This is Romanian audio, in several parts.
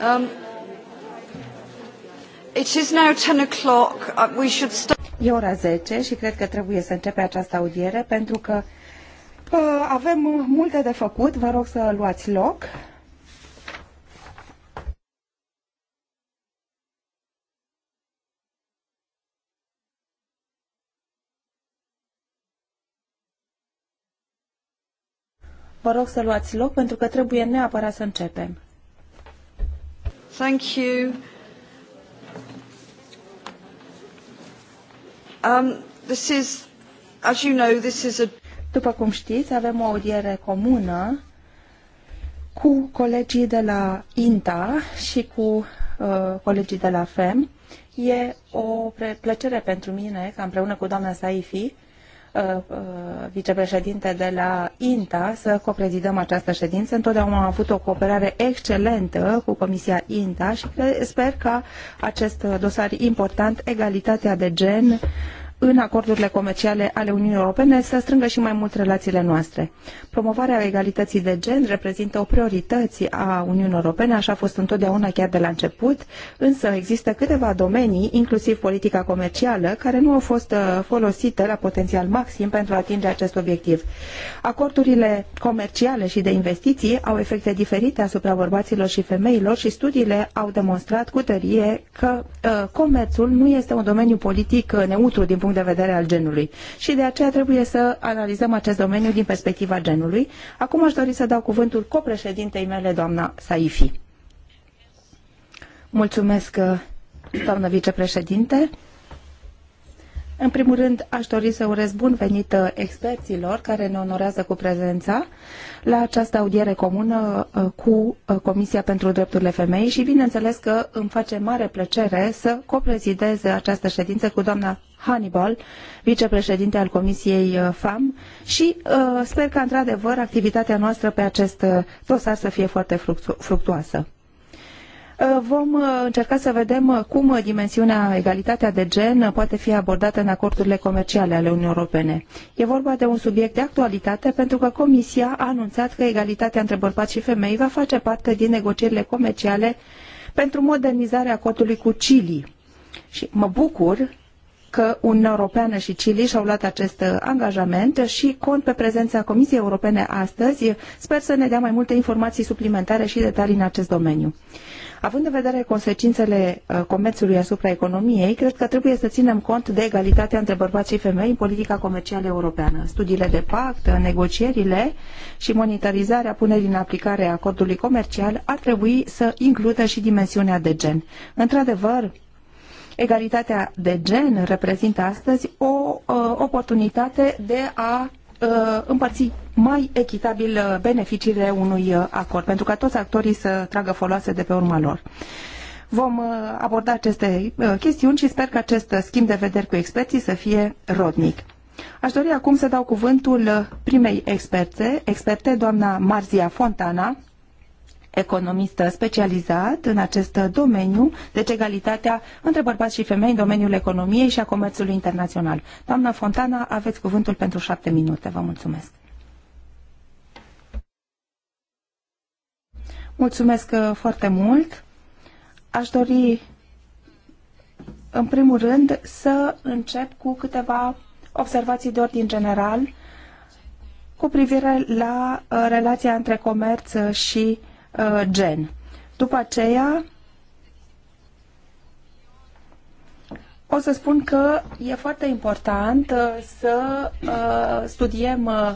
Um, it is now 10 o'clock. Uh, we should start. E ora 10 și cred că trebuie să începe această audiere pentru că uh, avem multe de făcut. Vă rog să luați loc. vă rog să luați loc pentru că trebuie neapărat să începem. Thank you. Um, this is, as you know, this is a... După cum știți, avem o audiere comună cu colegii de la INTA și cu uh, colegii de la FEM. E o plăcere pentru mine ca împreună cu doamna Saifi Uh, uh, vicepreședinte de la INTA să coprezidăm această ședință. Întotdeauna am avut o cooperare excelentă cu Comisia INTA și sper ca acest dosar important, egalitatea de gen, în acordurile comerciale ale Uniunii Europene să strângă și mai mult relațiile noastre. Promovarea egalității de gen reprezintă o prioritate a Uniunii Europene, așa a fost întotdeauna chiar de la început, însă există câteva domenii, inclusiv politica comercială, care nu au fost uh, folosite la potențial maxim pentru a atinge acest obiectiv. Acordurile comerciale și de investiții au efecte diferite asupra bărbaților și femeilor și studiile au demonstrat cu tărie că uh, comerțul nu este un domeniu politic uh, neutru din punct punct de vedere al genului. Și de aceea trebuie să analizăm acest domeniu din perspectiva genului. Acum aș dori să dau cuvântul copreședintei mele, doamna Saifi. Mulțumesc, doamnă vicepreședinte. În primul rând, aș dori să urez bun venit uh, experților care ne onorează cu prezența la această audiere comună uh, cu uh, Comisia pentru Drepturile Femei și bineînțeles că îmi face mare plăcere să coprezidez această ședință cu doamna Hannibal, vicepreședinte al Comisiei FAM și sper că, într-adevăr, activitatea noastră pe acest dosar să fie foarte fructuoasă. Uh, vom uh, încerca să vedem uh, cum dimensiunea egalitatea de gen poate fi abordată în acordurile comerciale ale Uniunii Europene. E vorba de un subiect de actualitate pentru că Comisia a anunțat că egalitatea între bărbați și femei va face parte din negocierile comerciale pentru modernizarea acordului cu Chile. Și mă bucur că Uniunea Europeană și Chile și-au luat acest angajament și cont pe prezența Comisiei Europene astăzi. Sper să ne dea mai multe informații suplimentare și detalii în acest domeniu. Având în vedere consecințele uh, comerțului asupra economiei, cred că trebuie să ținem cont de egalitatea între bărbați și femei în politica comercială europeană. Studiile de pact, negocierile și monitorizarea punerii în aplicare a acordului comercial ar trebui să includă și dimensiunea de gen. Într-adevăr, Egalitatea de gen reprezintă astăzi o uh, oportunitate de a Uh, împărți mai echitabil uh, beneficiile unui uh, acord, pentru ca toți actorii să tragă foloase de pe urma lor. Vom aborda aceste chestiuni și sper că acest schimb de vederi cu experții să fie rodnic. Aș dori acum să dau cuvântul primei experte, experte doamna Marzia Fontana, economist specializat în acest domeniu, deci egalitatea între bărbați și femei în domeniul economiei și a comerțului internațional. Doamna Fontana, aveți cuvântul pentru șapte minute. Vă mulțumesc. Mulțumesc uh, foarte mult. Aș dori, în primul rând, să încep cu câteva observații de ordin general cu privire la uh, relația între comerț uh, și uh, gen. După aceea, o să spun că e foarte important uh, să uh, studiem uh,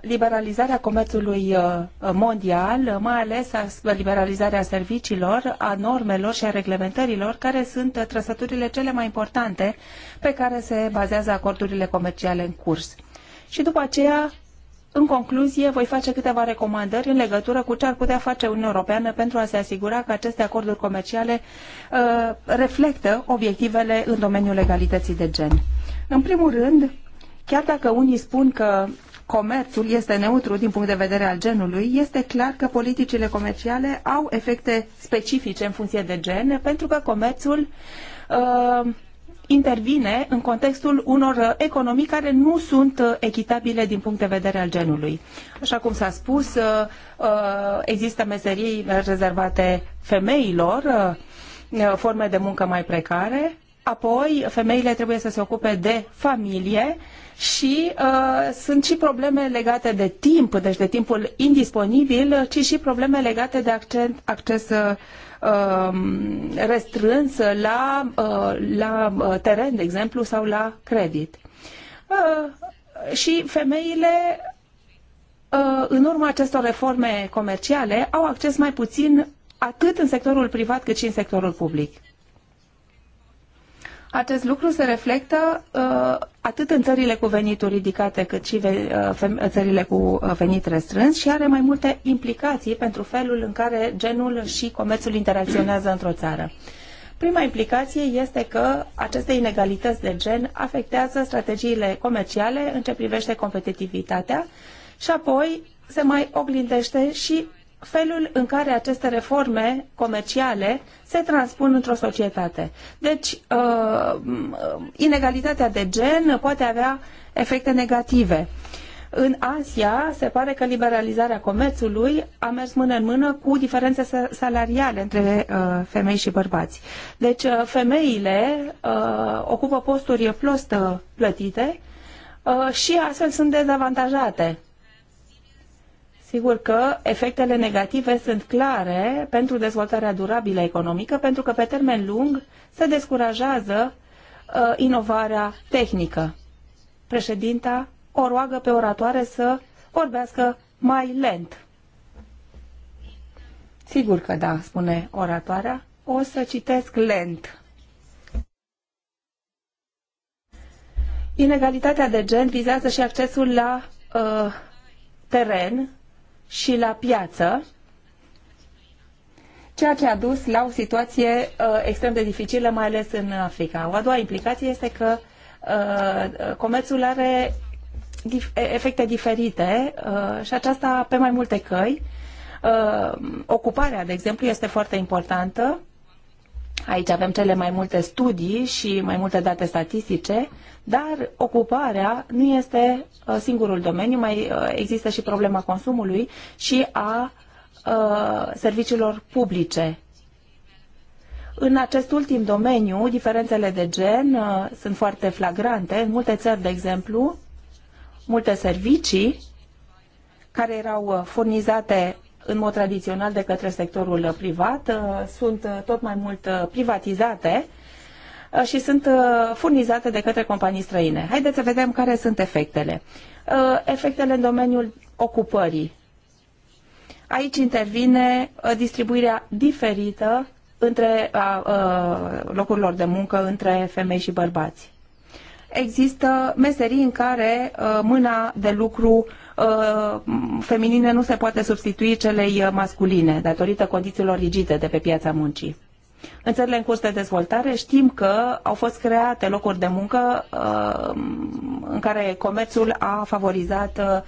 liberalizarea comerțului uh, mondial, mai ales liberalizarea serviciilor, a normelor și a reglementărilor, care sunt uh, trăsăturile cele mai importante pe care se bazează acordurile comerciale în curs. Și după aceea în concluzie, voi face câteva recomandări în legătură cu ce ar putea face Uniunea Europeană pentru a se asigura că aceste acorduri comerciale uh, reflectă obiectivele în domeniul legalității de gen. În primul rând, chiar dacă unii spun că comerțul este neutru din punct de vedere al genului, este clar că politicile comerciale au efecte specifice în funcție de gen, pentru că comerțul uh, intervine în contextul unor uh, economii care nu sunt uh, echitabile din punct de vedere al genului. Așa cum s-a spus, uh, există meserii rezervate femeilor, forme de muncă mai precare, apoi femeile trebuie să se ocupe de familie și uh, sunt și probleme legate de timp, deci de timpul indisponibil, ci și probleme legate de accent, acces Um, restrâns la, uh, la uh, teren, de exemplu, sau la credit. Uh, și femeile, în urma acestor reforme comerciale, au acces mai puțin atât în sectorul privat cât și în sectorul public. Acest lucru se reflectă uh, atât în țările cu venituri ridicate, cât și uh, uh, țările cu uh, venit restrâns și are mai multe implicații pentru felul în care genul și comerțul interacționează într-o țară. Prima implicație este că aceste inegalități de gen afectează strategiile comerciale în ce privește competitivitatea și apoi se mai oglindește și felul în care aceste reforme comerciale se transpun într-o societate. Deci, uh, mm, inegalitatea de gen poate avea efecte negative. În Asia, se pare că liberalizarea comerțului a mers mână în mână cu diferențe salariale între uh, femei și bărbați. Deci, uh, femeile ocupă posturi prost plătite și astfel sunt dezavantajate Sigur că efectele negative sunt clare pentru dezvoltarea durabilă economică, pentru că pe termen lung se descurajează uh, inovarea tehnică. Președinta o roagă pe oratoare să vorbească mai lent. Sigur că da, spune oratoarea. O să citesc lent. Inegalitatea de gen vizează și accesul la uh, teren și la piață, ceea ce a dus la o situație uh, extrem de dificilă, mai ales în Africa. O a doua implicație este că uh, comerțul are dif efecte diferite uh, și aceasta pe mai multe căi. Uh, ocuparea, de exemplu, este foarte importantă. Uh, Aici avem cele mai multe studii și mai multe date statistice, dar ocuparea nu este uh, singurul domeniu, mai uh, există și problema consumului și a uh, serviciilor publice. În acest ultim domeniu, diferențele de gen sunt foarte flagrante. În multe țări, de exemplu, multe servicii care erau furnizate în mod tradițional de către sectorul privat, uh, sunt uh, tot mai mult uh, privatizate și sunt furnizate de către companii străine. Haideți să vedem care sunt efectele. Efectele în domeniul ocupării. Aici intervine distribuirea diferită între locurilor de muncă între femei și bărbați există meserii în care mâna de lucru Uh, feminine nu se poate substitui celei uh, masculine, datorită condițiilor rigide de pe piața muncii. În țările în curs de dezvoltare știm că au fost create locuri de muncă uh, în care comerțul a favorizat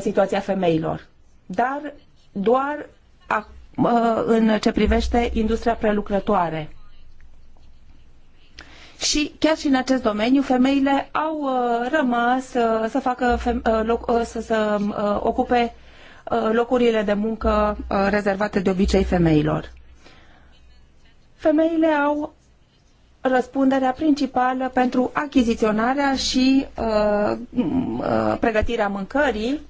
situația femeilor. Dar doar în ce privește industria prelucrătoare și chiar și în acest domeniu femeile au uh, rămas uh, să facă uh, loc, să, să ocupe locurile de muncă rezervate de obicei femeilor. Femeile au răspunderea principală pentru achiziționarea și uh, uh, pregătirea mâncării,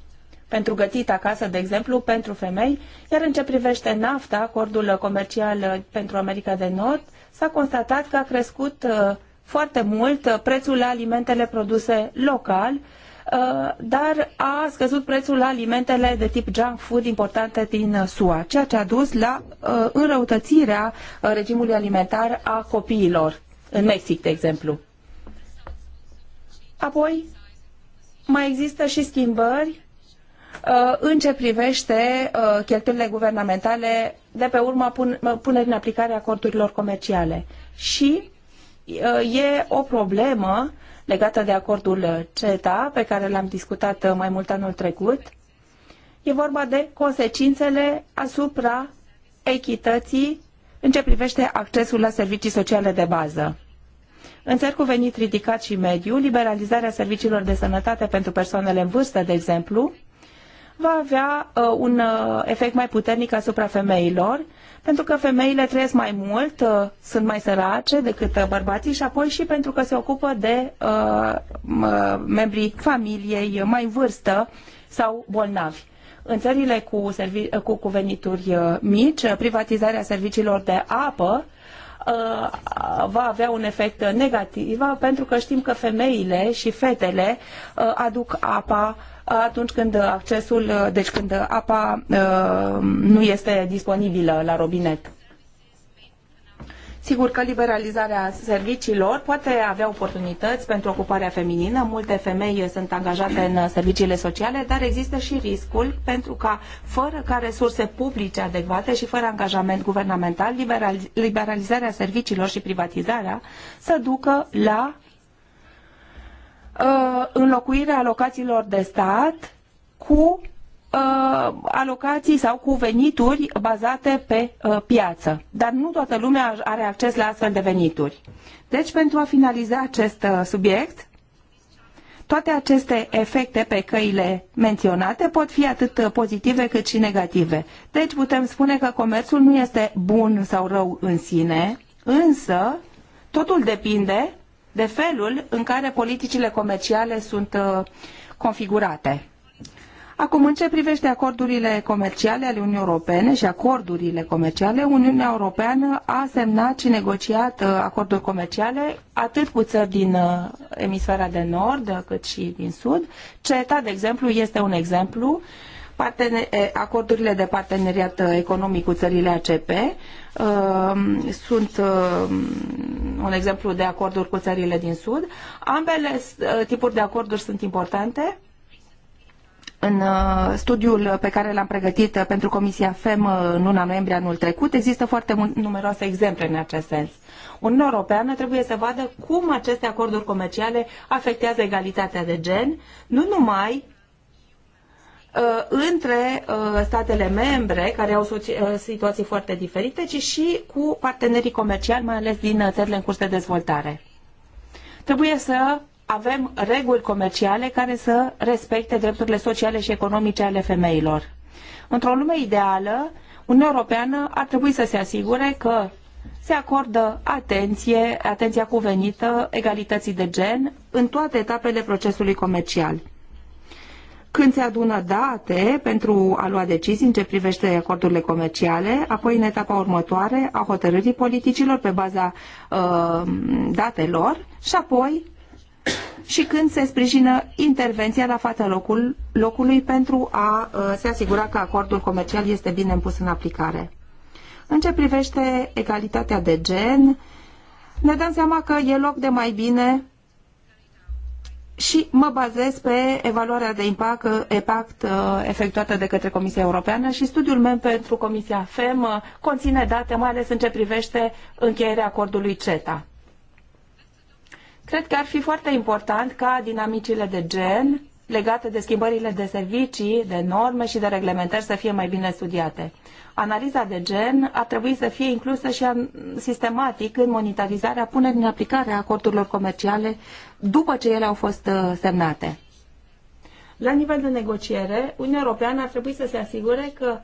pentru gătit acasă, de exemplu, pentru femei, iar în ce privește NAFTA, acordul comercial pentru America de Nord, uh, s-a constatat că a crescut uh, foarte mult uh, prețul la alimentele produse local, uh, dar a scăzut prețul la alimentele de tip junk food importante din SUA, ceea ce a dus la înrăutățirea regimului alimentar a copiilor, în Mexic, de exemplu. Apoi, mai există și schimbări Uh, în ce privește uh, cheltuielile guvernamentale de pe urma punerii în aplicare a acordurilor comerciale. Și uh, e o problemă legată de acordul CETA, pe care l-am discutat mai mult anul trecut. E vorba de consecințele asupra echității în ce privește accesul la servicii sociale de bază. În țări cu venit ridicat și mediu, liberalizarea serviciilor de sănătate pentru persoanele în vârstă, de exemplu, va avea uh, un uh, efect mai puternic asupra femeilor, pentru că femeile trăiesc mai mult, uh, sunt mai sărace decât bărbații și apoi și pentru că se ocupă de membrii familiei mai vârstă sau bolnavi în țările cu, cu, cu venituri mici, privatizarea serviciilor de apă Uh, va avea un efect negativ pentru că știm că femeile și fetele uh, aduc apa atunci când accesul, uh, deci când apa nu este disponibilă la robinet. Sigur că liberalizarea serviciilor poate avea oportunități pentru ocuparea feminină. Multe femei sunt angajate în serviciile sociale, dar există și riscul pentru ca, fără ca resurse publice adecvate și fără angajament guvernamental, liberalizarea serviciilor și privatizarea să ducă la uh, înlocuirea locațiilor de stat cu uh, alocații sau cu venituri bazate pe uh, piață. Dar nu toată lumea are acces la astfel de venituri. Deci, pentru a finaliza acest uh, subiect, toate aceste efecte pe căile menționate pot fi atât uh, pozitive cât și negative. Deci putem spune că comerțul nu este bun sau rău în sine, însă totul depinde de felul în care politicile comerciale sunt uh, configurate. Acum, în ce privește acordurile comerciale ale Uniunii Europene și acordurile comerciale, Uniunea Europeană a semnat și negociat uh, acorduri comerciale atât cu țări din uh, emisfera de nord uh, cât și din sud. CETA, de exemplu, este un exemplu. acordurile de parteneriat economic cu țările ACP sunt un exemplu de acorduri cu țările din sud. Ambele tipuri de acorduri sunt importante în uh, studiul pe care l-am pregătit uh, pentru Comisia FEM uh, în luna noiembrie anul trecut, există foarte numeroase exemple în acest sens. Uniunea Europeană trebuie să vadă cum aceste acorduri comerciale afectează egalitatea de gen, nu numai între statele membre care au situații foarte diferite, ci și cu partenerii comerciali, mai ales din țările în curs de dezvoltare. Trebuie să avem reguli comerciale care să respecte drepturile sociale și economice ale femeilor. Într-o lume ideală, Uniunea Europeană ar trebui să se asigure că se acordă atenție, atenția cuvenită egalității de gen în toate etapele procesului comercial. Când se adună date pentru a lua decizii în ce privește acordurile comerciale, apoi în etapa următoare a hotărârii politicilor pe baza uh, datelor și apoi și când se sprijină intervenția la fața locul, locului pentru a uh, se asigura că acordul comercial este bine pus în aplicare. În ce privește egalitatea de gen, ne dăm seama că e loc de mai bine și mă bazez pe evaluarea de impact, impact uh, efectuată de către Comisia Europeană și studiul meu pentru Comisia FEM uh, conține date, mai ales în ce privește încheierea acordului CETA. Cred că ar fi foarte important ca dinamicile de gen legate de schimbările de servicii, de norme și de reglementări să fie mai bine studiate. Analiza de gen ar trebui să fie inclusă și sistematic în monitorizarea punerii în aplicare a acordurilor comerciale după ce ele au fost uh, semnate. La nivel de negociere, Uniunea Europeană ar trebui să se asigure că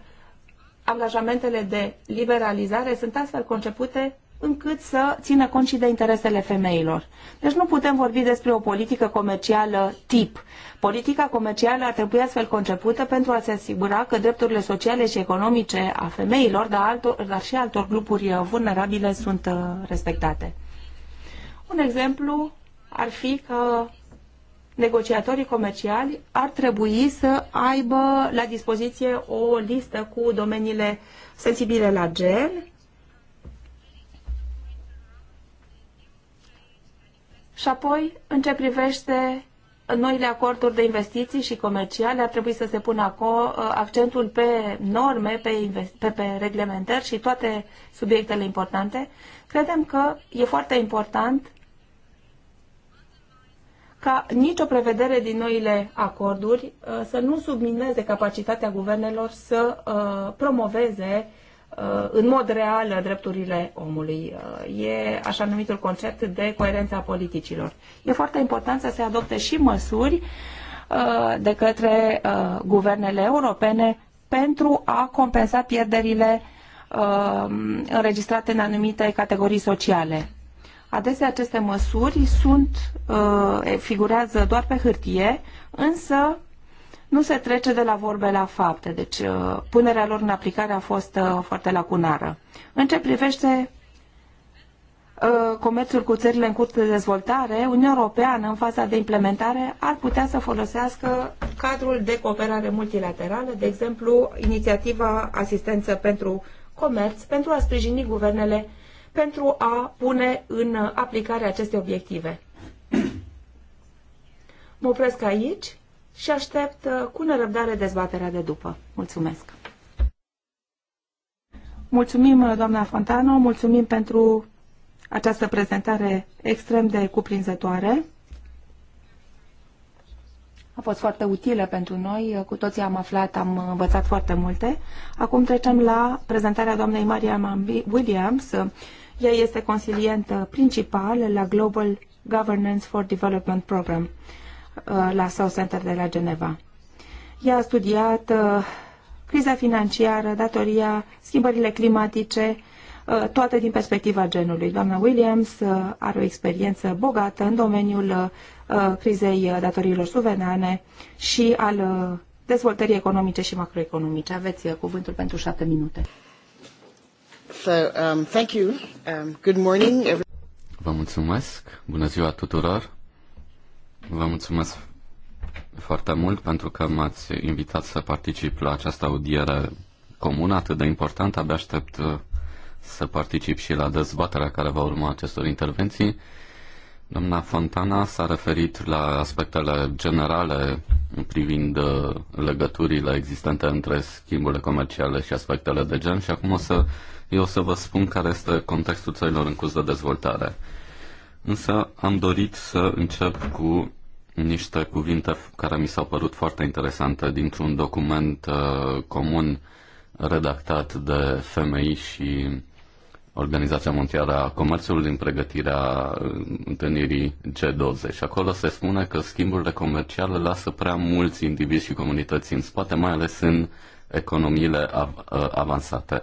angajamentele de liberalizare sunt astfel concepute încât să țină cont și de interesele femeilor. Deci nu putem vorbi despre o politică comercială tip. Politica comercială ar trebui astfel concepută pentru a se asigura că drepturile sociale și economice a femeilor, dar, altor, dar și altor grupuri uh, vulnerabile sunt uh, respectate. Un exemplu ar fi că negociatorii comerciali ar trebui să aibă la dispoziție o listă cu domeniile sensibile la gen, Și apoi, în ce privește noile acorduri de investiții și comerciale, ar trebui să se pună accentul pe norme, pe, pe, pe reglementări și toate subiectele importante. Credem că e foarte important ca nicio prevedere din noile acorduri uh, să nu submineze capacitatea guvernelor să uh, promoveze Uh, în mod real uh, drepturile omului. Uh, e așa numitul concept de coerența politicilor. E foarte important să se adopte și măsuri de către guvernele europene pentru a compensa pierderile înregistrate în anumite categorii sociale. Adesea aceste măsuri sunt, figurează doar pe hârtie, însă nu se trece de la vorbe la fapte, deci uh, punerea lor în aplicare a fost uh, foarte lacunară. În ce privește uh, comerțul cu țările în curs de dezvoltare, Uniunea Europeană, în faza de implementare, ar putea să folosească cadrul de cooperare multilaterală, de exemplu, inițiativa Asistență pentru Comerț, pentru a sprijini guvernele pentru a pune în aplicare aceste obiective. Mă opresc aici și aștept uh, cu nerăbdare dezbaterea de după. Mulțumesc! Mulțumim, uh, doamna Fontano, mulțumim pentru această prezentare extrem de cuprinzătoare. A fost foarte utilă pentru noi, uh, cu toții am aflat, am învățat foarte multe. Acum trecem la prezentarea doamnei Maria Williams. Ea este consilientă principal la Global Governance for Development Program. Uh, la South Center de la Geneva. Ea a studiat uh, criza financiară, datoria, schimbările climatice, uh, toate din perspectiva genului. Doamna Williams are o experiență bogată în domeniul crizei datoriilor suverane și al dezvoltării economice și macroeconomice. Aveți cuvântul pentru șapte minute. So, um, thank you. Um, good morning. Vă mulțumesc. Bună ziua tuturor. Vă mulțumesc foarte mult pentru că m-ați invitat să particip la această audiere comună atât de importantă. Abia aștept uh, să particip și la dezbaterea care va urma acestor intervenții. Doamna Fontana s-a referit la aspectele generale privind uh, legăturile existente între schimburile comerciale și aspectele de gen și acum o să, eu o să vă spun care este contextul țărilor în curs de dezvoltare. Însă am dorit să încep cu niște cuvinte care mi s-au părut foarte interesante dintr-un document uh, comun redactat de FMI și Organizația Mondială a Comerțului din pregătirea uh, întâlnirii G20. acolo se spune că schimburile comerciale lasă prea mulți indivizi și comunități în spate, mai ales în economiile av- uh, avansate.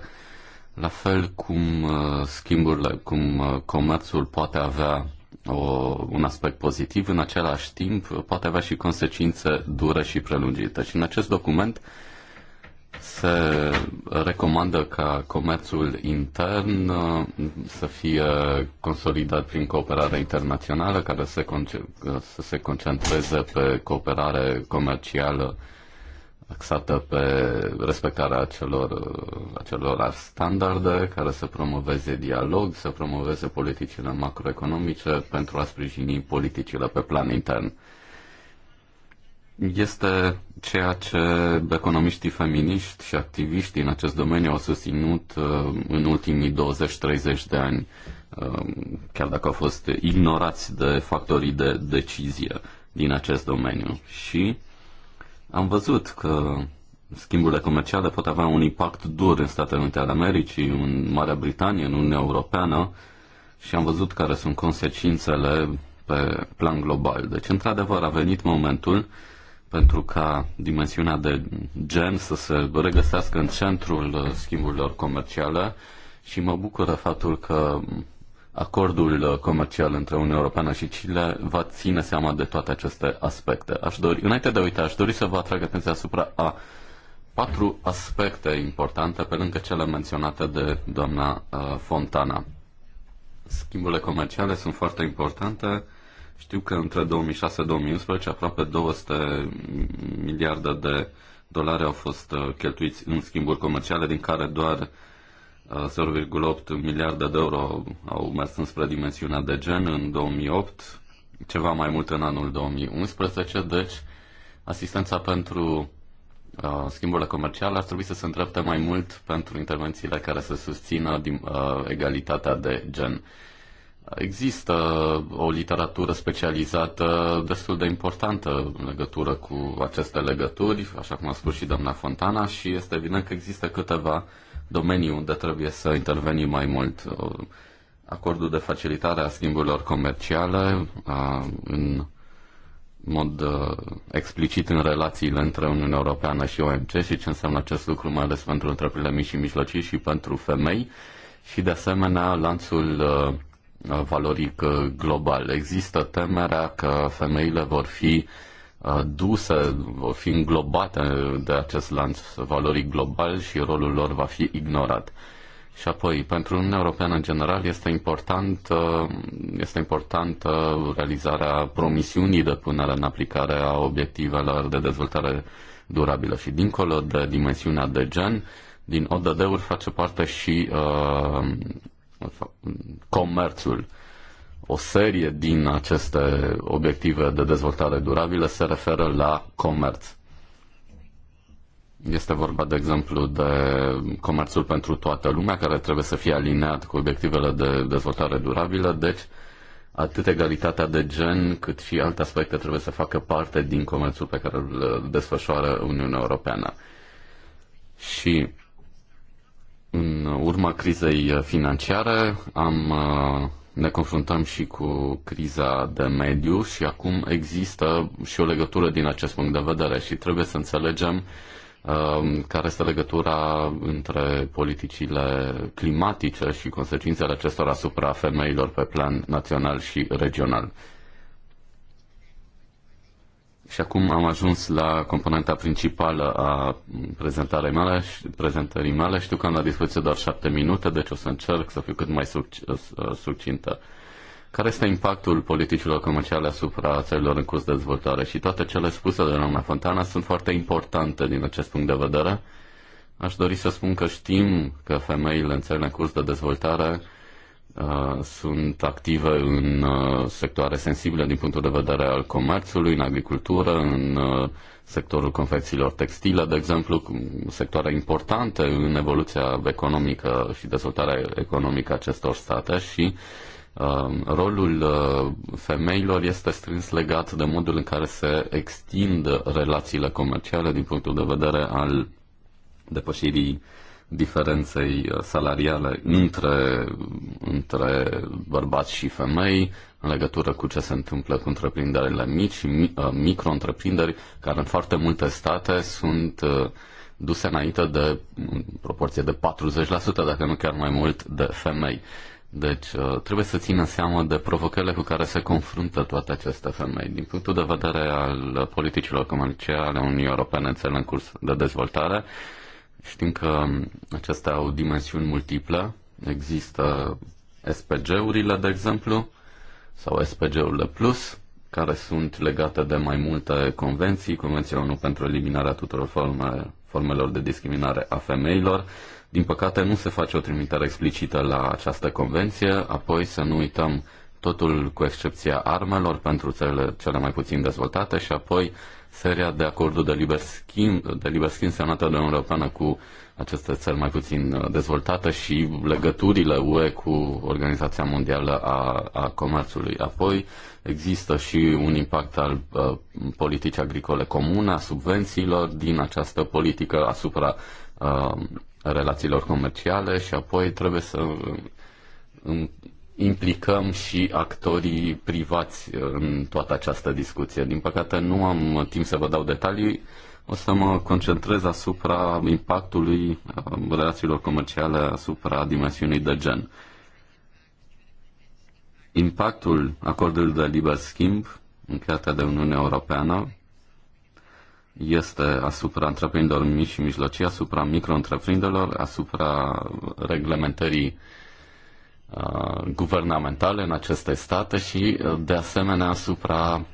La fel cum uh, schimburile, cum uh, comerțul poate avea o, un aspect pozitiv, în același timp uh, poate avea și consecințe dure și prelungite. Și în acest document se recomandă ca comerțul intern să fie consolidat prin cooperare internațională, care să se concentreze pe cooperare comercială axată pe respectarea acelor, acelor standarde care să promoveze dialog, să promoveze politicile macroeconomice pentru a sprijini politicile pe plan intern. Este ceea ce economiștii feminiști și activiștii în acest domeniu au susținut uh, în ultimii 20-30 de ani, uh, chiar dacă au fost ignorați de factorii de decizie din acest domeniu. Și uh, am văzut că schimburile comerciale pot avea un impact dur în Statele Unite ale Americii, în Marea Britanie, în Uniunea Europeană și am văzut care sunt consecințele pe plan global. Deci, într-adevăr, a venit momentul pentru ca dimensiunea de gen să se regăsească în centrul schimburilor comerciale și mă bucură faptul că acordul uh, comercial între Uniunea Europeană și Chile va ține seama de toate aceste aspecte. Aș dori, înainte de a uita, aș dori să vă atrag atenția asupra a patru aspecte importante pe lângă cele menționate de doamna uh, Fontana. Schimburile comerciale sunt foarte importante. Știu că între 2006-2011 aproape 200 miliarde de dolari au fost uh, cheltuiți în schimburi comerciale, din care doar 0,8 miliarde de euro au mers înspre dimensiunea de gen în 2008, ceva mai mult în anul 2011, deci asistența pentru uh, schimburile comerciale ar trebui să se îndrepte mai mult pentru intervențiile care să susțină din, uh, egalitatea de gen. Există o literatură specializată destul de importantă în legătură cu aceste legături, așa cum a spus și doamna Fontana, și este evident că există câteva uh, domenii unde trebuie să intervenim mai mult. Acordul de facilitare a schimburilor comerciale în mod explicit în relațiile între Uniunea Europeană și OMC și ce înseamnă acest lucru, mai ales pentru întreprinderile mici și mijlocii și pentru femei și de asemenea lanțul valoric global. Există temerea că femeile vor fi uh, duse, vor fi înglobate de acest lanț valorii global și rolul lor va fi ignorat. Și apoi, pentru Uniunea Europeană în general, este important, uh, este important realizarea promisiunii de punere în aplicare a obiectivelor de dezvoltare durabilă. Și dincolo de dimensiunea de gen, din ODD-uri face parte și uh, comerțul o serie din aceste obiective de dezvoltare durabilă se referă la comerț. Este vorba, de exemplu, de comerțul pentru toată lumea, care trebuie să fie alineat cu obiectivele de dezvoltare durabilă, deci atât egalitatea de gen, cât și alte aspecte trebuie să facă parte din comerțul pe care îl desfășoară Uniunea Europeană. Și în urma crizei financiare am uh, ne confruntăm și cu criza de mediu și acum există și o legătură din acest punct de vedere și trebuie să înțelegem um, care este legătura între politicile climatice și consecințele acestora asupra femeilor pe plan național și regional. Și acum am ajuns la componenta principală a prezentării mele, prezentării mele. Știu că am la dispoziție doar șapte minute, deci o să încerc să fiu cât mai uh, succintă. Care este impactul politicilor comerciale asupra țărilor în curs de dezvoltare? Și toate cele spuse de doamna Fontana sunt foarte importante din acest punct de vedere. Aș dori să spun că știm că femeile în țările în curs de dezvoltare Uh, sunt active în uh, sectoare sensibile din punctul de vedere al comerțului, în agricultură, în uh, sectorul confecțiilor textile, de exemplu, sectoare importante în evoluția economică și dezvoltarea economică acestor state și um, rolul femeilor este strâns legat de modul în care se extind relațiile comerciale din punctul de vedere al depășirii uh, diferenței uh, salariale între, între bărbați și femei, în legătură cu ce se întâmplă cu întreprinderile mici și uh, micro-întreprinderi, care în foarte multe state sunt uh, duse înainte de în proporție de 40%, dacă nu chiar mai mult, de femei. Deci trebuie să țină seama de provocările cu care se confruntă toate aceste femei. Din punctul de vedere al politicilor comerciale ale Uniunii Europene, cel în curs de dezvoltare, Știm că acestea au dimensiuni multiple. Există SPG-urile, de exemplu, sau SPG-urile Plus, care sunt legate de mai multe convenții, Convenția 1 pentru eliminarea tuturor forme, formelor de discriminare a femeilor. Din păcate nu se face o trimitere explicită la această convenție, apoi să nu uităm totul cu excepția armelor pentru cele cele mai puțin dezvoltate și apoi seria de acorduri de liber schimb, de liber schimb semnată de Uniunea Europeană cu aceste țări mai puțin uh, dezvoltate și legăturile UE cu Organizația Mondială a, a Comerțului. Apoi există și un impact al uh, politicii agricole comune, a subvențiilor din această politică asupra uh, relațiilor comerciale și apoi trebuie să uh, implicăm și actorii privați uh, în toată această discuție. Din păcate nu am uh, timp să vă dau detalii, o să mă concentrez asupra impactului uh, relațiilor comerciale asupra dimensiunii de gen. Impactul acordului de liber schimb încheiat de Uniunea Europeană este asupra întreprinderilor mici și mijlocii, asupra micro asupra reglementării uh, Uh, guvernamentale în aceste state și, uh, de asemenea, asupra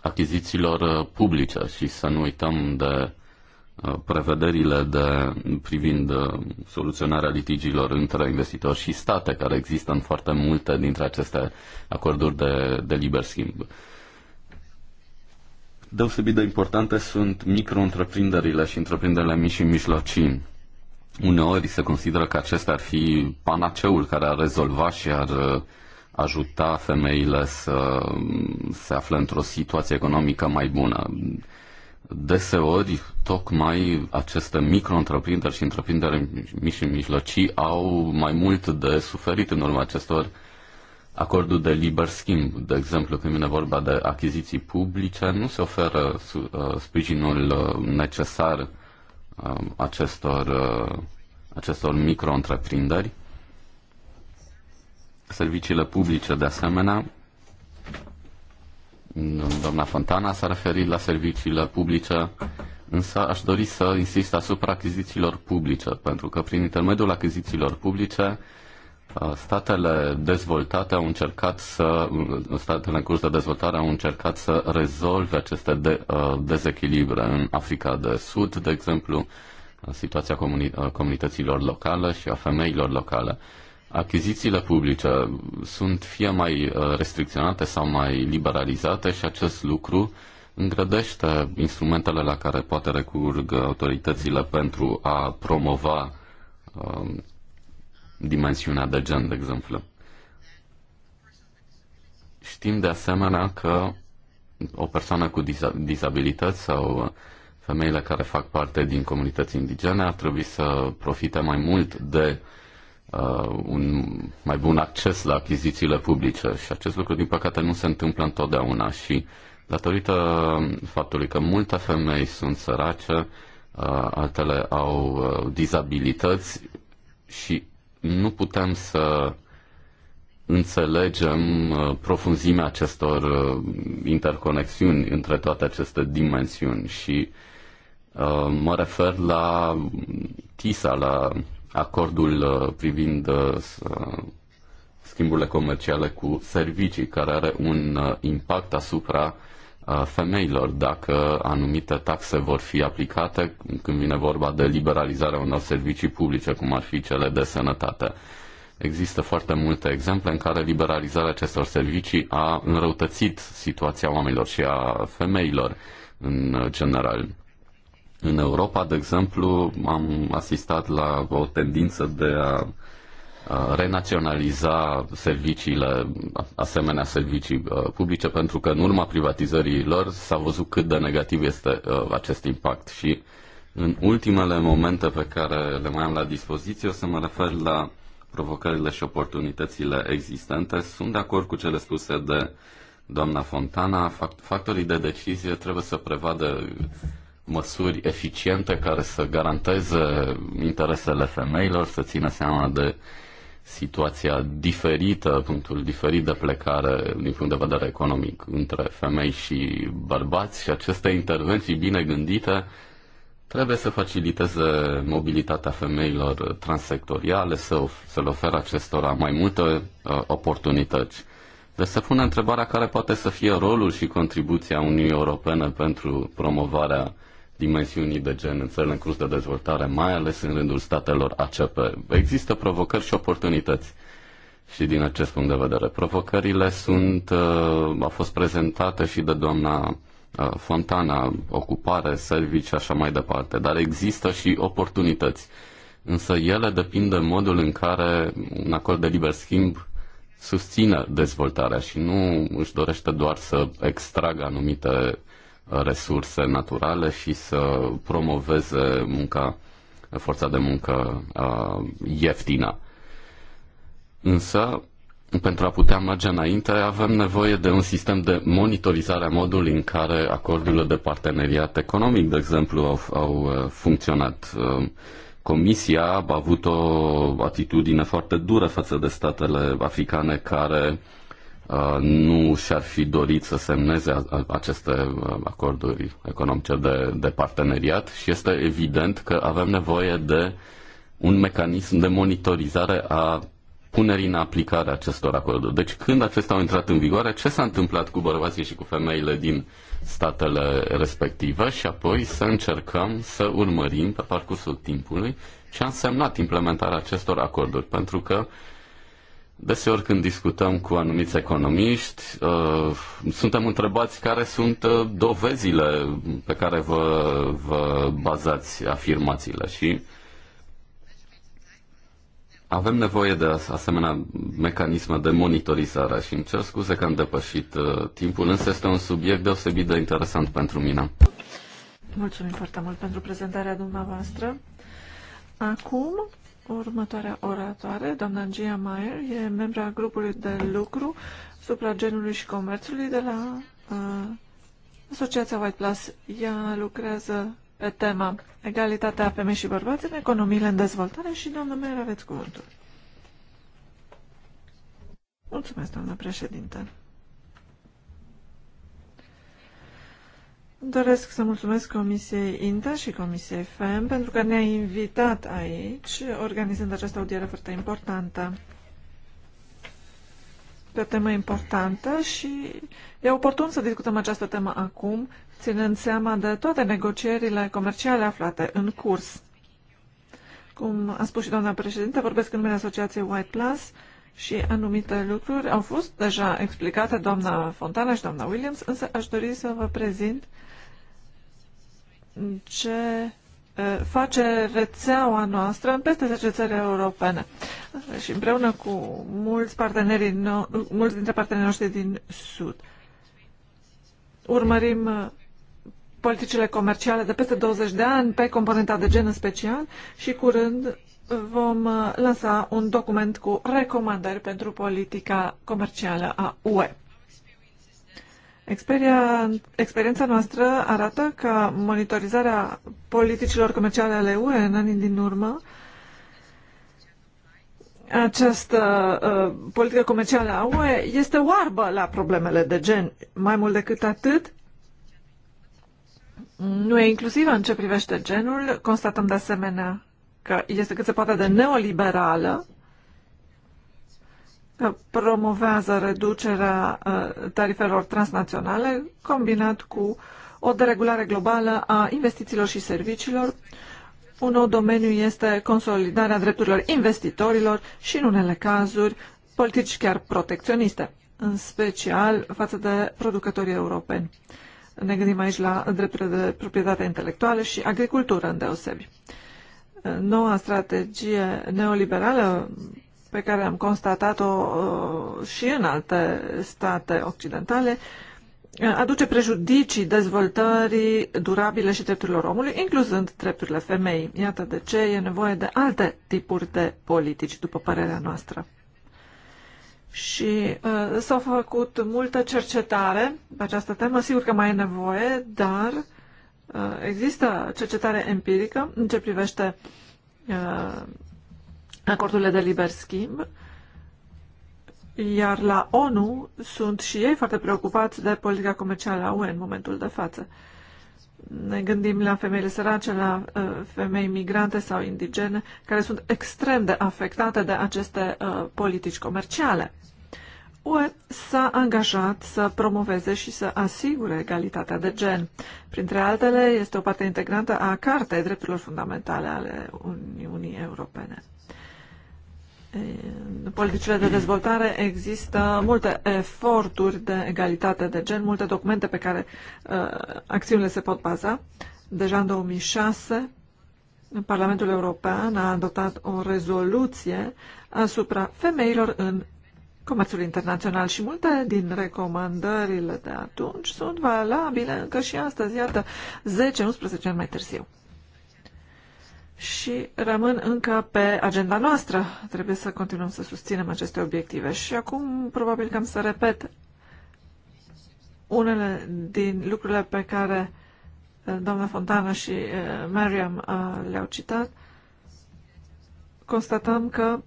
achizițiilor uh, publice și să nu uităm de prevederile de, privind soluționarea litigiilor între investitori și state care există în foarte multe dintre aceste acorduri de, de liber schimb. Deosebit de importante sunt micro-întreprinderile și întreprinderile mici și mijlocii Uneori se consideră că acesta ar fi panaceul care ar rezolva și ar uh, ajuta femeile să um, se afle într-o situație economică mai bună. Deseori, tocmai aceste micro și întreprinderi mici și mijlocii au mai mult de suferit în urma acestor acordul de liber schimb, de exemplu, când vine vorba de achiziții publice, nu se oferă uh, sprijinul uh, necesar Um, acestor, uh, acestor micro-întreprinderi. Serviciile publice, de asemenea, doamna Fontana s-a referit la serviciile publice, însă aș dori să insist asupra achizițiilor publice, pentru că prin intermediul achizițiilor publice, Uh, statele dezvoltate au încercat să, uh, statele în curs de dezvoltare au încercat să rezolve aceste de, uh, dezechilibre în Africa de Sud, de exemplu, situația comuni- comunităților locale și a femeilor locale. Achizițiile publice sunt fie mai restricționate sau mai liberalizate și acest lucru îngrădește instrumentele la care poate recurg autoritățile pentru a promova um, dimensiunea de gen, de exemplu. Știm de asemenea că o persoană cu dizabilități sau femeile care fac parte din comunități indigene ar trebui să profite mai mult de uh, un mai bun acces la achizițiile publice și acest lucru, din păcate, nu se întâmplă întotdeauna și datorită faptului că multe femei sunt sărace, uh, altele au uh, dizabilități și nu putem să înțelegem uh, profunzimea acestor uh, interconexiuni între toate aceste dimensiuni și uh, mă refer la TISA, la acordul privind schimburile comerciale cu servicii, care are un impact asupra femeilor dacă anumite taxe vor fi aplicate când vine vorba de liberalizarea unor servicii publice, cum ar fi cele de sănătate. Există foarte multe exemple în care liberalizarea acestor servicii a înrăutățit situația oamenilor și a femeilor în general. În Europa, de exemplu, am asistat la o tendință de a renaționaliza serviciile, asemenea servicii uh, publice, pentru că în urma privatizării lor s-a văzut cât de negativ este uh, acest impact. Și în ultimele momente pe care le mai am la dispoziție, o să mă refer la provocările și oportunitățile existente. Sunt de acord cu cele spuse de doamna Fontana. Factorii de decizie trebuie să prevadă măsuri eficiente care să garanteze interesele femeilor, să țină seama de uh, situația diferită, punctul diferit de plecare din punct de vedere economic între femei și bărbați și aceste intervenții bine gândite trebuie să faciliteze mobilitatea femeilor transsectoriale, să, of- să le oferă acestora mai multe uh, oportunități. Deci se pune întrebarea care poate să fie rolul și contribuția Uniunii Europene pentru promovarea dimensiunii de gen în țările în curs de dezvoltare, mai ales în rândul statelor ACP. Există provocări și oportunități. Și din acest punct de vedere, provocările sunt, uh, au fost prezentate și de doamna uh, Fontana, ocupare, servici și așa mai departe, dar există și oportunități. Însă ele depind de modul în care un acord de liber schimb susține dezvoltarea și nu își dorește doar să extragă anumite resurse naturale și să promoveze munca, forța de muncă uh, ieftină. Însă, pentru a putea merge înainte, avem nevoie de un sistem de monitorizare a modului în care acordurile de parteneriat economic, de exemplu, au, au uh, funcționat. Uh, Comisia a avut o atitudine foarte dură față de statele africane care uh, Uh, nu și-ar fi dorit să semneze aceste uh, acorduri economice de, de parteneriat și este evident că avem nevoie de un mecanism de monitorizare a punerii în aplicare acestor acorduri. Deci când acestea au intrat în vigoare, ce s-a întâmplat cu bărbații și cu femeile din statele respective și apoi să încercăm să urmărim pe parcursul timpului ce a însemnat implementarea acestor acorduri. Pentru că uh, Deseori când discutăm cu anumiți economiști, uh, suntem întrebați care sunt uh, dovezile pe care vă, vă bazați afirmațiile și avem nevoie de asemenea mecanisme de monitorizare și îmi cer scuze că am depășit uh, timpul, însă este un subiect deosebit de interesant pentru mine. Mulțumim foarte mult pentru prezentarea dumneavoastră. Acum Următoarea oratoare, doamna Gia Mayer, e membra grupului de lucru supra genului și comerțului de la uh, Asociația White Plus. Ea lucrează pe tema egalitatea femei și bărbați în economiile în dezvoltare și, doamna Mayer, aveți cuvântul. Mulțumesc, doamna președinte. Doresc să mulțumesc Comisiei INTA și Comisiei FEM pentru că ne-a invitat aici, organizând această audiere foarte importantă pe o temă importantă și e oportun să discutăm această temă acum, ținând seama de toate negocierile comerciale aflate în curs. Cum a spus și doamna președinte, vorbesc în numele Asociației White Plus și anumite lucruri au fost deja explicate doamna Fontana și doamna Williams, însă aș dori să vă prezint uh, ce face rețeaua noastră în peste 10 țări europene și împreună cu mulți, partenerii no mulți dintre partenerii noștri din Sud. Urmărim politicile comerciale de peste 20 de ani pe componenta de gen în special și curând vom lansa un document cu recomandări pentru politica comercială a UE. Experia, experiența noastră arată că monitorizarea politicilor comerciale ale UE în anii din urmă această uh, politică comercială a UE este oarbă la problemele de gen. Mai mult decât atât, nu e inclusivă în ce privește genul. Constatăm de asemenea că este cât se poate de neoliberală promovează reducerea uh, tarifelor transnaționale combinat cu o deregulare globală a investițiilor și serviciilor. Un nou domeniu este consolidarea drepturilor investitorilor și, în unele cazuri, politici chiar protecționiste, în special față de producătorii europeni. Ne gândim aici la drepturile de proprietate intelectuală și agricultură îndeosebi. Noua strategie neoliberală pe care am constatat-o uh, și în alte state occidentale, uh, aduce prejudicii dezvoltării durabile și drepturilor omului, incluzând drepturile femeii. Iată de ce e nevoie de alte tipuri de politici, după părerea noastră. Și uh, s-au făcut multă cercetare pe această temă, sigur că mai e nevoie, dar uh, există cercetare empirică în ce privește uh, acordurile de liber schimb, iar la ONU sunt și ei foarte preocupați de politica comercială a UE în momentul de față. Ne gândim la femeile sărace, la uh, femei migrante sau indigene, care sunt extrem de afectate de aceste uh, politici comerciale. UE s-a angajat să promoveze și să asigure egalitatea de gen. Printre altele, este o parte integrantă a Cartei Drepturilor Fundamentale ale Uniunii Europene politicile de dezvoltare există multe eforturi de egalitate de gen, multe documente pe care uh, acțiunile se pot baza. Deja în 2006, Parlamentul European a adoptat o rezoluție asupra femeilor în comerțul internațional și multe din recomandările de atunci sunt valabile încă și astăzi, iată, 10-11 ani mai târziu și rămân încă pe agenda noastră. Trebuie să continuăm să susținem aceste obiective. Și acum probabil că am să repet unele din lucrurile pe care uh, doamna Fontana și uh, Mariam uh, le-au citat. Constatăm că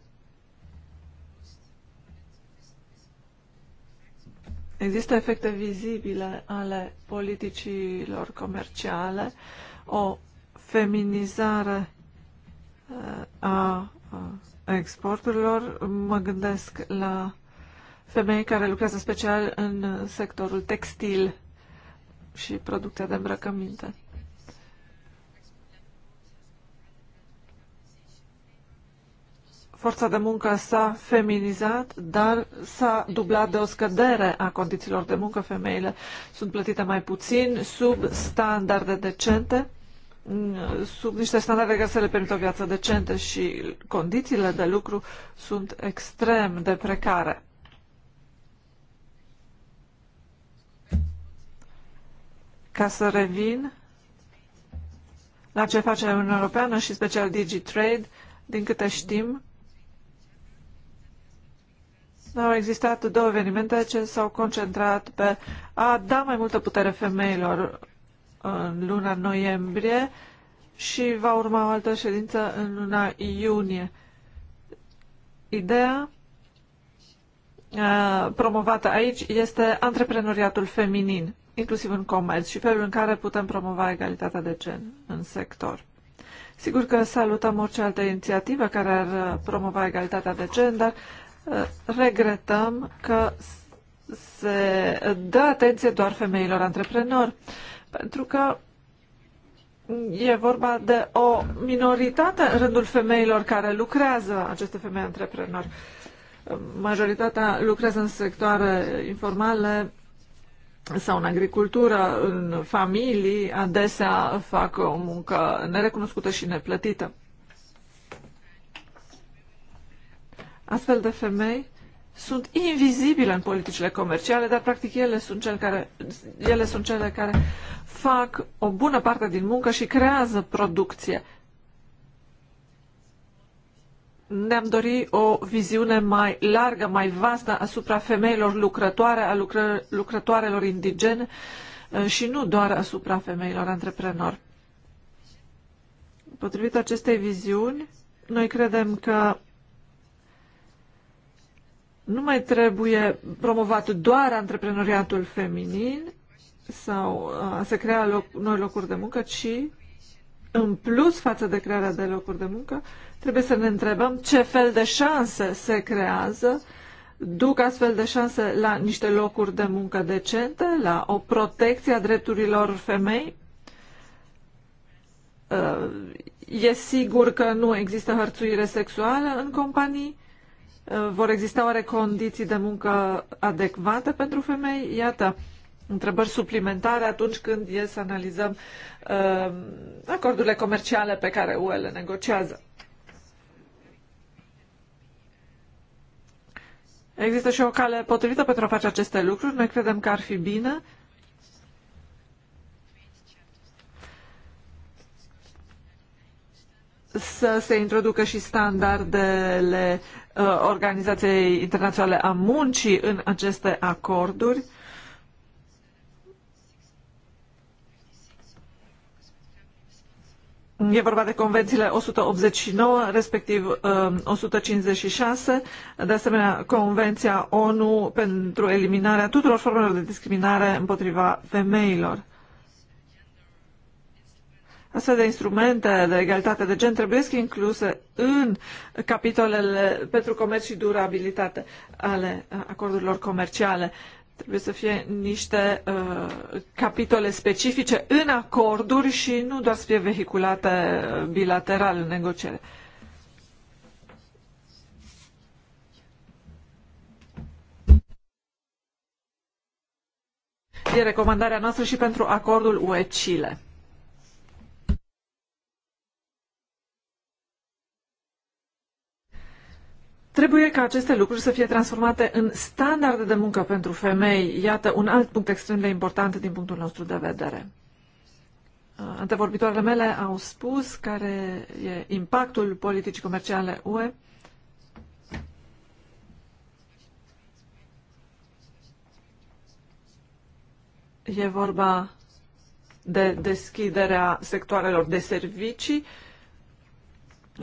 Există efecte vizibile ale politicilor comerciale, o feminizare a exporturilor. Mă gândesc la femei care lucrează special în sectorul textil și producția de îmbrăcăminte. Forța de muncă s-a feminizat, dar s-a dublat de o scădere a condițiilor de muncă. Femeile sunt plătite mai puțin, sub standarde decente sub niște standarde care să le permită o viață decentă și condițiile de lucru sunt extrem de precare. Ca să revin la ce face Uniunea Europeană și special DigiTrade, din câte știm, au existat două evenimente ce s-au concentrat pe a da mai multă putere femeilor în luna noiembrie și va urma o altă ședință în luna iunie. Ideea uh, promovată aici este antreprenoriatul feminin, inclusiv în comerț și felul în care putem promova egalitatea de gen în sector. Sigur că salutăm orice altă inițiativă care ar uh, promova egalitatea de gen, dar uh, regretăm că se dă atenție doar femeilor antreprenori pentru că e vorba de o minoritate în rândul femeilor care lucrează, aceste femei antreprenori. Majoritatea lucrează în sectoare informale sau în agricultură, în familii, adesea fac o muncă nerecunoscută și neplătită. Astfel de femei sunt invizibile în politicile comerciale, dar practic ele sunt, cel care, ele sunt cele care fac o bună parte din muncă și creează producție. Ne-am dorit o viziune mai largă, mai vastă asupra femeilor lucrătoare, a lucră, lucrătoarelor indigene eh, și nu doar asupra femeilor antreprenori. Potrivit acestei viziuni, noi credem că nu mai trebuie promovat doar antreprenoriatul feminin sau a uh, să crea loc, noi locuri de muncă, ci în plus față de crearea de locuri de muncă, trebuie să ne întrebăm ce fel de șanse se creează, duc astfel de șanse la niște locuri de muncă decente, la o protecție a drepturilor femei. Uh, e sigur că nu există hărțuire sexuală în companii, Eh, vor exista oare condiții de muncă adecvate pentru femei? Iată, întrebări suplimentare atunci când e să analizăm uh, acordurile comerciale pe care UE le negociază. Există și o cale potrivită pentru a face aceste lucruri. Noi credem că ar fi bine să se introducă și standardele uh, Uh, Organizației Internaționale a Muncii în aceste acorduri. E vorba de convențiile 189, respectiv 156, uh, de asemenea Convenția ONU pentru eliminarea tuturor formelor de discriminare împotriva femeilor. Astfel de instrumente de egalitate de gen trebuie incluse în capitolele pentru comerț și durabilitate ale acordurilor comerciale. Trebuie să fie niște uh, capitole specifice în acorduri și nu doar să fie vehiculate uh, bilateral în negociere. E recomandarea noastră și pentru acordul UE-Chile. Trebuie ca aceste lucruri să fie transformate în standarde de muncă pentru femei. Iată un alt punct extrem de important din punctul nostru de vedere. Uh, antevorbitoarele mele au spus care e impactul politicii comerciale UE. E vorba de deschiderea sectoarelor de servicii,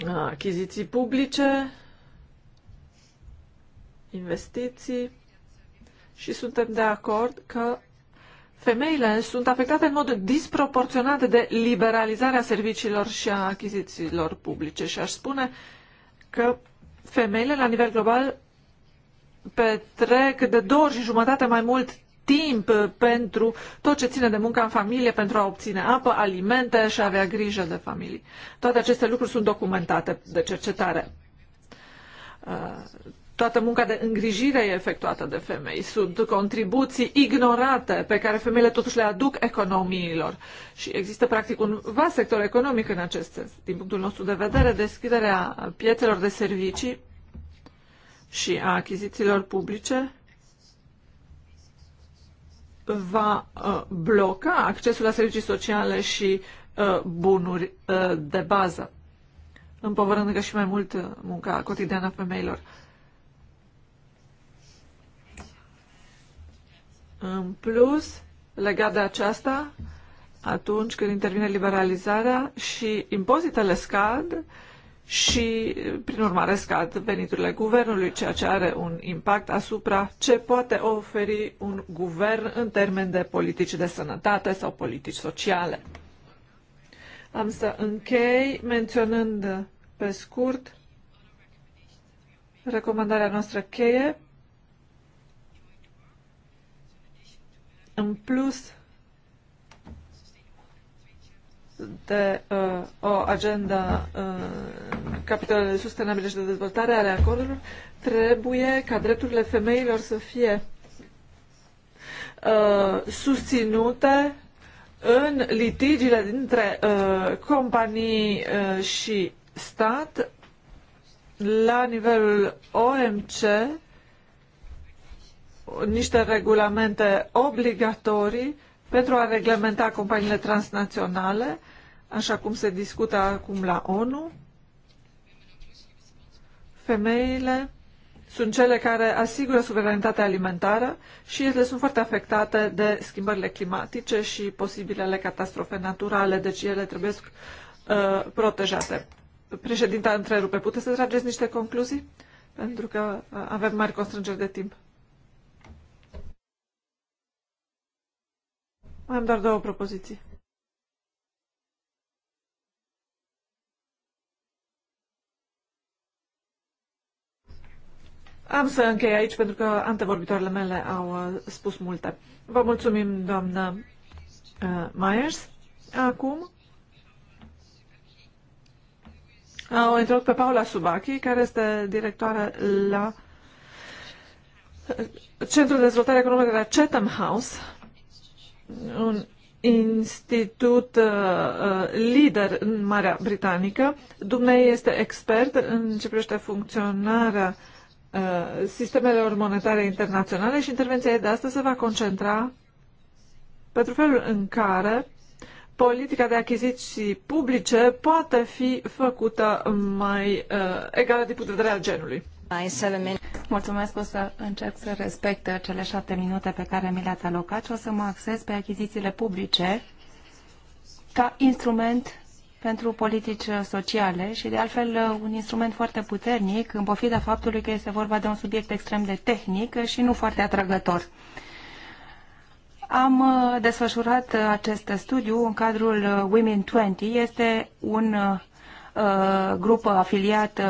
uh, achiziții publice, investiții și suntem de acord că femeile sunt afectate în mod disproporționat de liberalizarea serviciilor și a achizițiilor publice și aș spune că femeile la nivel global petrec de două ori și jumătate mai mult timp pentru tot ce ține de munca în familie, pentru a obține apă, alimente și a avea grijă de familie. Toate aceste lucruri sunt documentate de cercetare. Uh, toată munca de îngrijire e efectuată de femei. Sunt contribuții ignorate pe care femeile totuși le aduc economiilor. Și există practic un vast sector economic în acest sens. Din punctul nostru de vedere, deschiderea piețelor de servicii și a achizițiilor publice va uh, bloca accesul la servicii sociale și uh, bunuri uh, de bază, împovărând încă și mai mult munca cotidiană a femeilor. În plus, legat de aceasta, atunci când intervine liberalizarea și impozitele scad și, prin urmare, scad veniturile guvernului, ceea ce are un impact asupra ce poate oferi un guvern în termen de politici de sănătate sau politici sociale. Am să închei menționând pe scurt recomandarea noastră cheie În plus de uh, o agenda uh, de sustenabile și de dezvoltare ale acordurilor, trebuie ca drepturile femeilor să fie uh, susținute în litigiile dintre uh, companii uh, și stat la nivelul OMC niște regulamente obligatorii pentru a reglementa companiile transnaționale, așa cum se discută acum la ONU. Femeile sunt cele care asigură suveranitatea alimentară și ele sunt foarte afectate de schimbările climatice și posibilele catastrofe naturale, deci ele trebuie uh, protejate. Președinta întrerupe, puteți să trageți niște concluzii? Pentru că uh, avem mari constrângeri de timp. Mai am doar două propoziții. Am să închei aici pentru că antevorbitoarele mele au uh, spus multe. Vă mulțumim, doamnă uh, Myers. Acum au intrat pe Paula Subachi, care este directoare la uh, Centrul de Dezvoltare Economică de la Chatham House un institut uh, uh, lider în Marea Britanică. Dumnezeu este expert în ce privește funcționarea uh, sistemelor monetare internaționale și intervenția ei de astăzi se va concentra pentru felul în care politica de achiziții publice poate fi făcută mai uh, egală din punct de vedere al genului. Mulțumesc, o să încerc să respect cele șapte minute pe care mi le-ați alocat și o să mă axez pe achizițiile publice ca instrument pentru politici sociale și, de altfel, un instrument foarte puternic, în pofida faptului că este vorba de un subiect extrem de tehnic și nu foarte atrăgător. Am uh, desfășurat uh, acest studiu în cadrul uh, Women 20. Este un grup afiliat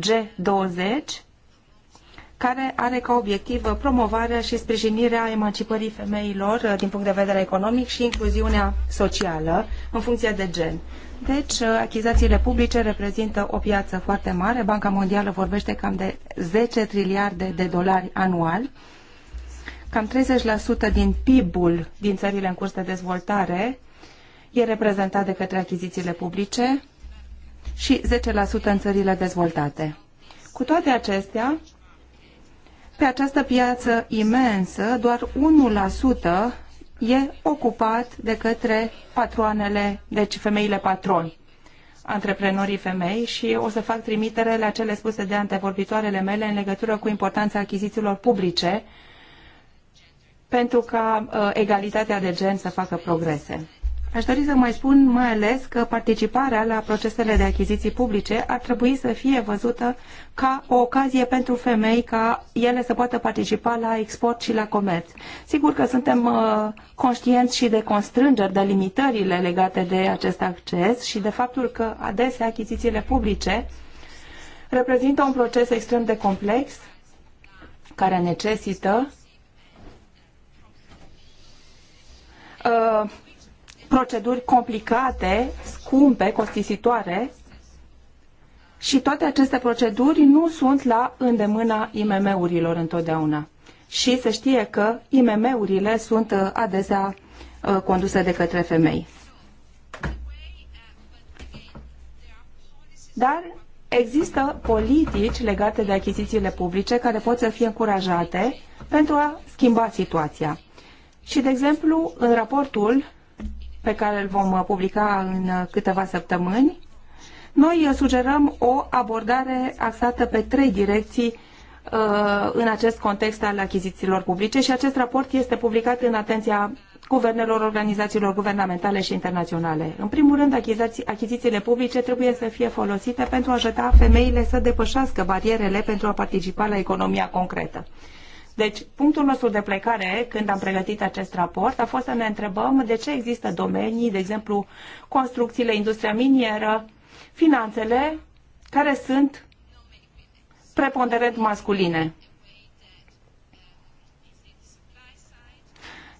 G20 care are ca obiectiv promovarea și sprijinirea emancipării femeilor uh, din punct de vedere economic și incluziunea socială în funcție de gen. Deci, uh, achizațiile publice reprezintă o piață foarte mare. Banca Mondială vorbește cam de 10 triliarde de dolari anual. Cam 30% din PIB-ul din țările în curs de dezvoltare e reprezentat de către achizițiile publice și 10% în țările dezvoltate. Cu toate acestea, pe această piață imensă, doar 1% e ocupat de către patroanele, deci femeile patroni, antreprenorii femei și o să fac trimitere la cele spuse de antevorbitoarele mele în legătură cu importanța achizițiilor publice pentru ca uh, egalitatea de gen să facă progrese. Aș dori să mai spun mai ales că participarea la procesele de achiziții publice ar trebui să fie văzută ca o ocazie pentru femei ca ele să poată participa la export și la comerț. Sigur că suntem uh, conștienți și de constrângeri, de limitările legate de acest acces și de faptul că adesea achizițiile publice reprezintă un proces extrem de complex care necesită uh, proceduri complicate, scumpe, costisitoare și toate aceste proceduri nu sunt la îndemâna IMM-urilor întotdeauna. Și se știe că IMM-urile sunt uh, adesea uh, conduse de către femei. Dar există politici legate de achizițiile publice care pot să fie încurajate pentru a schimba situația. Și, de exemplu, în raportul pe care îl vom uh, publica în uh, câteva săptămâni, noi uh, sugerăm o abordare axată pe trei direcții în acest context al achizițiilor publice și acest raport este publicat în atenția guvernelor, organizațiilor guvernamentale și internaționale. În primul rând, achiziți achizițiile publice trebuie să fie folosite pentru a ajuta femeile să depășească barierele pentru a participa la economia concretă. Deci, punctul nostru de plecare când am pregătit acest raport a fost să ne întrebăm de ce există domenii, de exemplu, construcțiile, industria minieră, finanțele, care sunt preponderent masculine.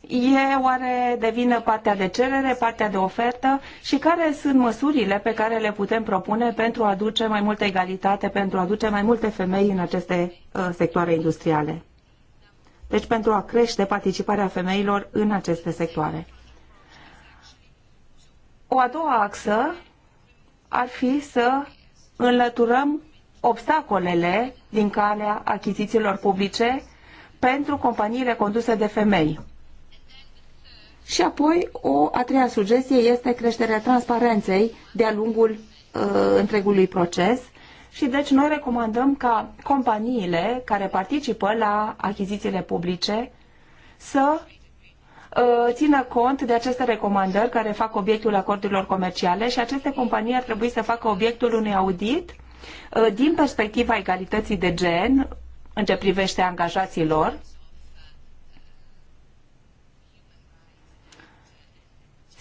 E oare devină partea de cerere, partea de ofertă și care sunt măsurile pe care le putem propune pentru a aduce mai multă egalitate, pentru a aduce mai multe femei în aceste uh, sectoare industriale? deci pentru a crește participarea femeilor în aceste sectoare. O a doua axă ar fi să înlăturăm obstacolele din calea achizițiilor publice pentru companiile conduse de femei. Și apoi, o a treia sugestie este creșterea transparenței de-a lungul uh, întregului proces și deci noi recomandăm ca companiile care participă la achizițiile publice să uh, țină cont de aceste recomandări care fac obiectul acordurilor comerciale și aceste companii ar trebui să facă obiectul unui audit uh, din perspectiva egalității de gen în ce privește angajații lor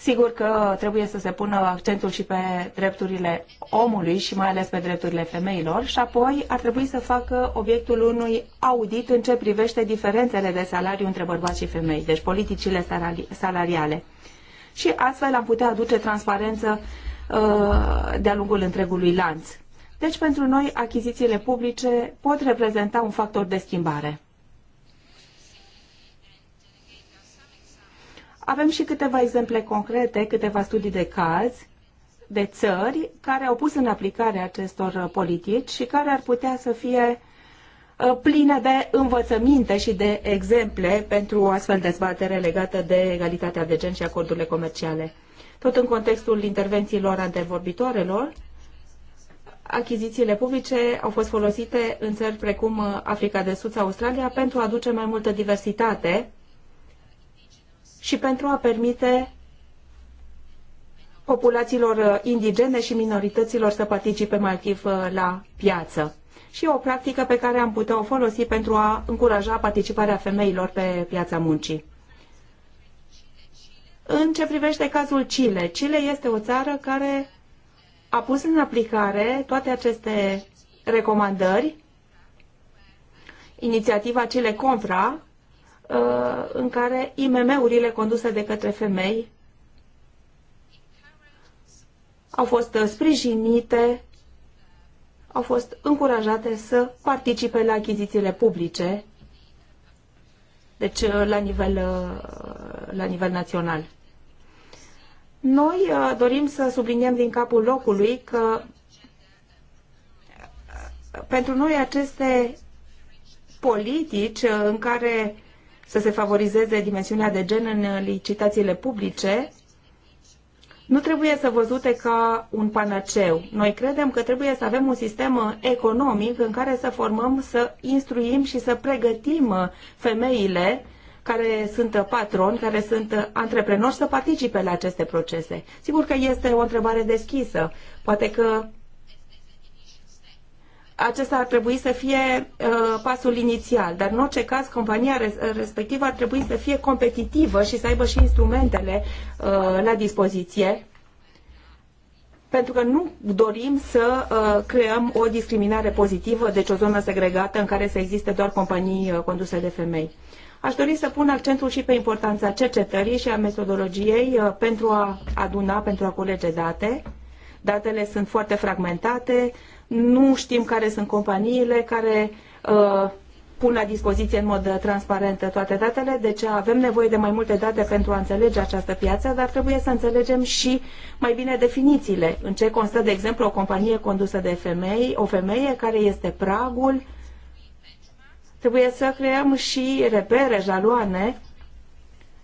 Sigur că trebuie să se pună accentul și pe drepturile omului și mai ales pe drepturile femeilor și apoi ar trebui să facă obiectul unui audit în ce privește diferențele de salariu între bărbați și femei, deci politicile salariale. Și astfel am putea aduce transparență uh, de-a lungul întregului lanț. Deci pentru noi achizițiile publice pot reprezenta un factor de schimbare. Avem și câteva exemple concrete, câteva studii de caz de țări care au pus în aplicare acestor uh, politici și care ar putea să fie uh, pline de învățăminte și de exemple pentru o astfel dezbatere legată de egalitatea de gen și acordurile comerciale. Tot în contextul intervențiilor antevorbitoarelor, achizițiile publice au fost folosite în țări precum uh, Africa de Sud sau Australia pentru a aduce mai multă diversitate și pentru a permite populațiilor uh, indigene și minorităților să participe mai activ uh, la piață. Și o practică pe care am putea o folosi pentru a încuraja participarea femeilor pe piața muncii. În ce privește cazul Chile, Chile este o țară care a pus în aplicare toate aceste recomandări. Inițiativa Chile Contra Uh, în care IMM-urile conduse de către femei au fost uh, sprijinite, au fost încurajate să participe la achizițiile publice, deci uh, la nivel, la nivel național. Noi dorim să subliniem din capul locului că pentru noi aceste politici în care să se favorizeze dimensiunea de gen în licitațiile publice, nu trebuie să văzute ca un panaceu. Noi credem că trebuie să avem un sistem economic în care să formăm, să instruim și să pregătim femeile care sunt patroni, care sunt antreprenori, să participe la aceste procese. Sigur că este o întrebare deschisă. Poate că acesta ar trebui să fie uh, pasul inițial, dar în orice caz compania respectivă ar trebui să fie competitivă și să aibă și instrumentele uh, la dispoziție, pentru că nu dorim să uh, creăm o discriminare pozitivă, deci o zonă segregată în care să existe doar companii uh, conduse de femei. Aș dori să pun accentul și pe importanța cercetării și a metodologiei uh, pentru a aduna, pentru a culege date. Datele sunt foarte fragmentate, nu știm care sunt companiile care uh, pun la dispoziție în mod transparent toate datele, deci avem nevoie de mai multe date pentru a înțelege această piață, dar trebuie să înțelegem și mai bine definițiile. În ce constă, de exemplu, o companie condusă de femei, o femeie care este pragul, trebuie să creăm și repere, jaloane,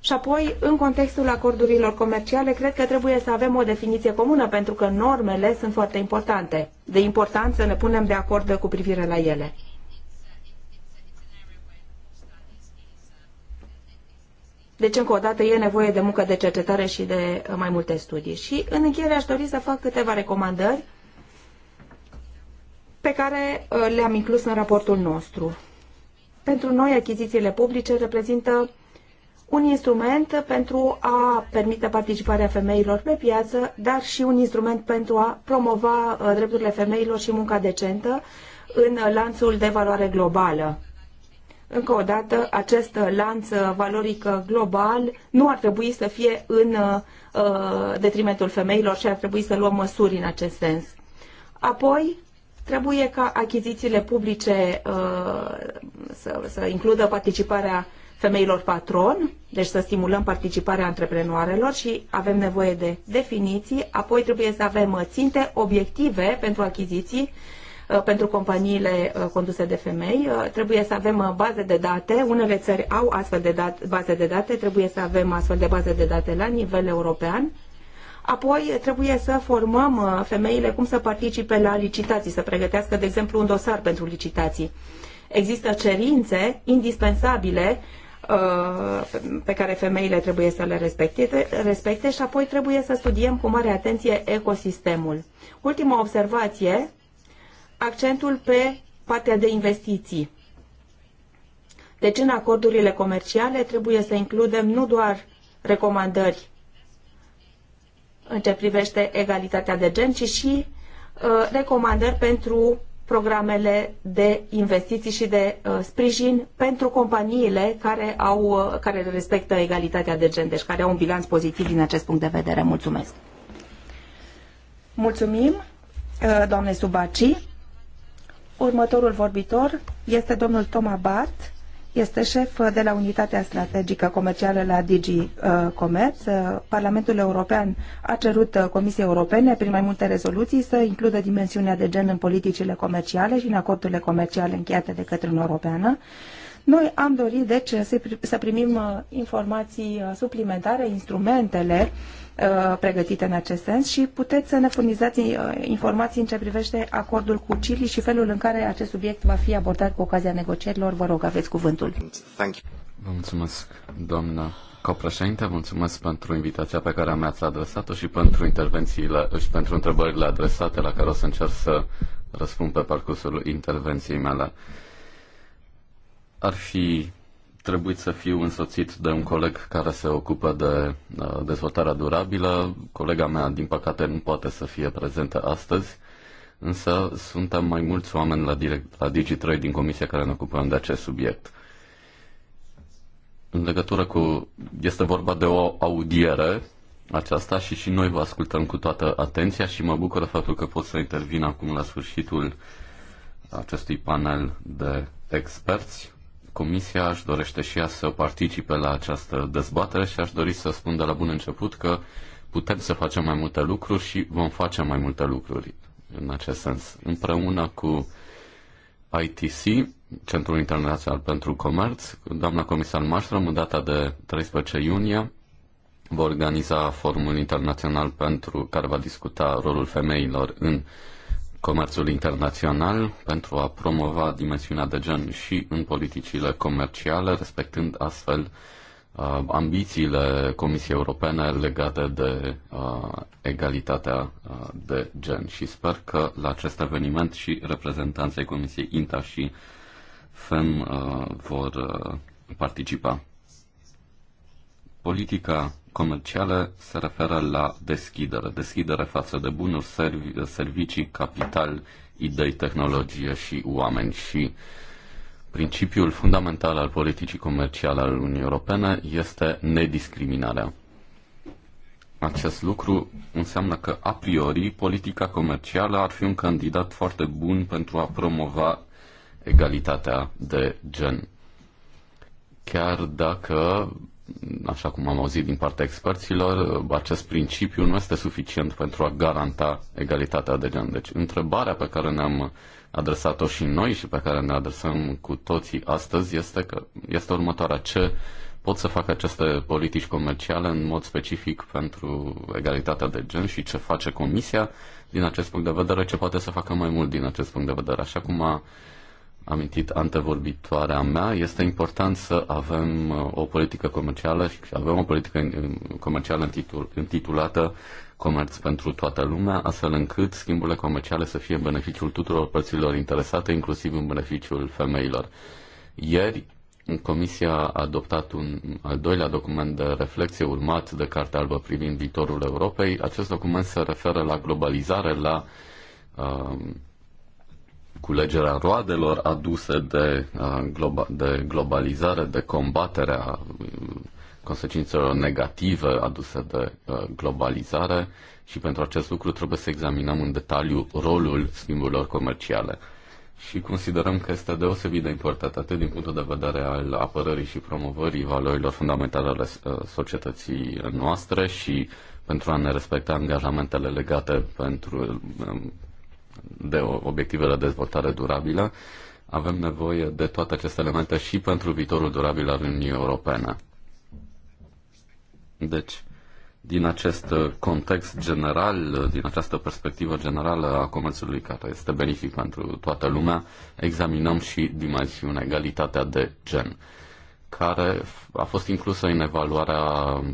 și apoi, în contextul acordurilor comerciale, cred că trebuie să avem o definiție comună, pentru că normele sunt foarte importante. De important să ne punem de acord cu privire la ele. Deci, încă o dată, e nevoie de muncă de cercetare și de uh, mai multe studii. Și, în încheiere, aș dori să fac câteva recomandări pe care uh, le-am inclus în raportul nostru. Pentru noi, achizițiile publice reprezintă un instrument pentru a permite participarea femeilor pe piață, dar și un instrument pentru a promova uh, drepturile femeilor și munca decentă în lanțul de valoare globală. Încă o dată, acest lanț valoric global nu ar trebui să fie în uh, detrimentul femeilor și ar trebui să luăm măsuri în acest sens. Apoi, trebuie ca achizițiile publice uh, să, să includă participarea femeilor patron, deci să stimulăm participarea antreprenoarelor și avem nevoie de definiții, apoi trebuie să avem uh, ținte, obiective pentru achiziții, uh, pentru companiile uh, conduse de femei. Trebuie să avem baze de date. Unele țări au astfel de dat, baze de date. Trebuie să avem astfel de baze de date la nivel european. Apoi trebuie să formăm femeile cum să participe la licitații, să pregătească, de exemplu, un dosar pentru licitații. Există cerințe indispensabile Uh, pe care femeile trebuie să le respecte, respecte și apoi trebuie să studiem cu mare atenție ecosistemul. Ultima observație, accentul pe partea de investiții. Deci în acordurile comerciale trebuie să includem nu doar recomandări în ce privește egalitatea de gen, ci și uh, recomandări pentru programele de investiții și de uh, sprijin pentru companiile care, au, uh, care respectă egalitatea de gen, deci care au un bilanț pozitiv din acest punct de vedere. Mulțumesc! Mulțumim, uh, doamne Subaci. Următorul vorbitor este domnul Toma Bart, este șef de la Unitatea Strategică Comercială la DG uh, Comerț. Uh, Parlamentul European a cerut uh, Comisiei Europene, prin mai multe rezoluții, să includă dimensiunea de gen în politicile comerciale și în acordurile comerciale încheiate de către Uniunea Europeană. Noi am dorit, deci, să primim informații suplimentare, instrumentele Uh, pregătite în acest sens și puteți să ne furnizați uh, informații în ce privește acordul cu Chile și felul în care acest subiect va fi abordat cu ocazia negocierilor. Vă rog, aveți cuvântul. Vă mulțumesc, doamna copreședinte, mulțumesc pentru invitația pe care mi-ați adresat-o și pentru intervențiile și pentru întrebările adresate la care o să încerc să răspund pe parcursul intervenției mele. Ar fi trebuit să fiu însoțit de un coleg care se ocupă de uh, dezvoltarea durabilă. Colega mea, din păcate, nu poate să fie prezentă astăzi, însă suntem mai mulți oameni la, direct, la Digi3 din comisia care ne ocupăm de acest subiect. În legătură cu... Este vorba de o audiere aceasta și și noi vă ascultăm cu toată atenția și mă bucură faptul că pot să intervin acum la sfârșitul acestui panel de experți Comisia își dorește și ea să participe la această dezbatere și aș dori să spun de la bun început că putem să facem mai multe lucruri și vom face mai multe lucruri în acest sens. Împreună cu ITC, Centrul Internațional pentru Comerț, doamna comisar Maștrom, în data de 13 iunie, va organiza forumul internațional pentru care va discuta rolul femeilor în comerțul internațional pentru a promova dimensiunea de gen și în politicile comerciale, respectând astfel uh, ambițiile Comisiei Europene legate de uh, egalitatea uh, de gen. Și sper că la acest eveniment și reprezentanții Comisiei INTA și FEM uh, vor uh, participa. Politica comerciale se referă la deschidere, deschidere față de bunuri, servi, servicii, capital, idei, tehnologie și oameni. Și principiul fundamental al politicii comerciale al Uniunii Europene este nediscriminarea. Acest lucru înseamnă că, a priori, politica comercială ar fi un candidat foarte bun pentru a promova egalitatea de gen. Chiar dacă așa cum am auzit din partea experților, acest principiu nu este suficient pentru a garanta egalitatea de gen. Deci întrebarea pe care ne-am adresat-o și noi și pe care ne adresăm cu toții astăzi este, că, este următoarea. Ce pot să facă aceste politici comerciale în mod specific pentru egalitatea de gen și ce face Comisia din acest punct de vedere, ce poate să facă mai mult din acest punct de vedere, așa cum a amintit antevorbitoarea mea, este important să avem uh, o politică comercială și avem o politică uh, comercială intitulată Comerț pentru toată lumea, astfel încât schimburile comerciale să fie în beneficiul tuturor părților interesate, inclusiv în beneficiul femeilor. Ieri, Comisia a adoptat un al doilea document de reflexie urmat de Cartea Albă privind viitorul Europei. Acest document se referă la globalizare, la uh, culegerea roadelor aduse de, uh, globa, de globalizare, de combaterea uh, consecințelor negative aduse de uh, globalizare și pentru acest lucru trebuie să examinăm în detaliu rolul schimburilor comerciale. Și considerăm că este deosebit de important atât din punctul de vedere al apărării și promovării valorilor fundamentale ale societății noastre și pentru a ne respecta angajamentele legate pentru, um, de obiectivele de dezvoltare durabilă, avem nevoie de toate aceste elemente și pentru viitorul durabil al Uniunii Europene. Deci, din acest context general, din această perspectivă generală a comerțului care este benefic pentru toată lumea, examinăm și dimensiunea egalitatea de gen care a fost inclusă în evaluarea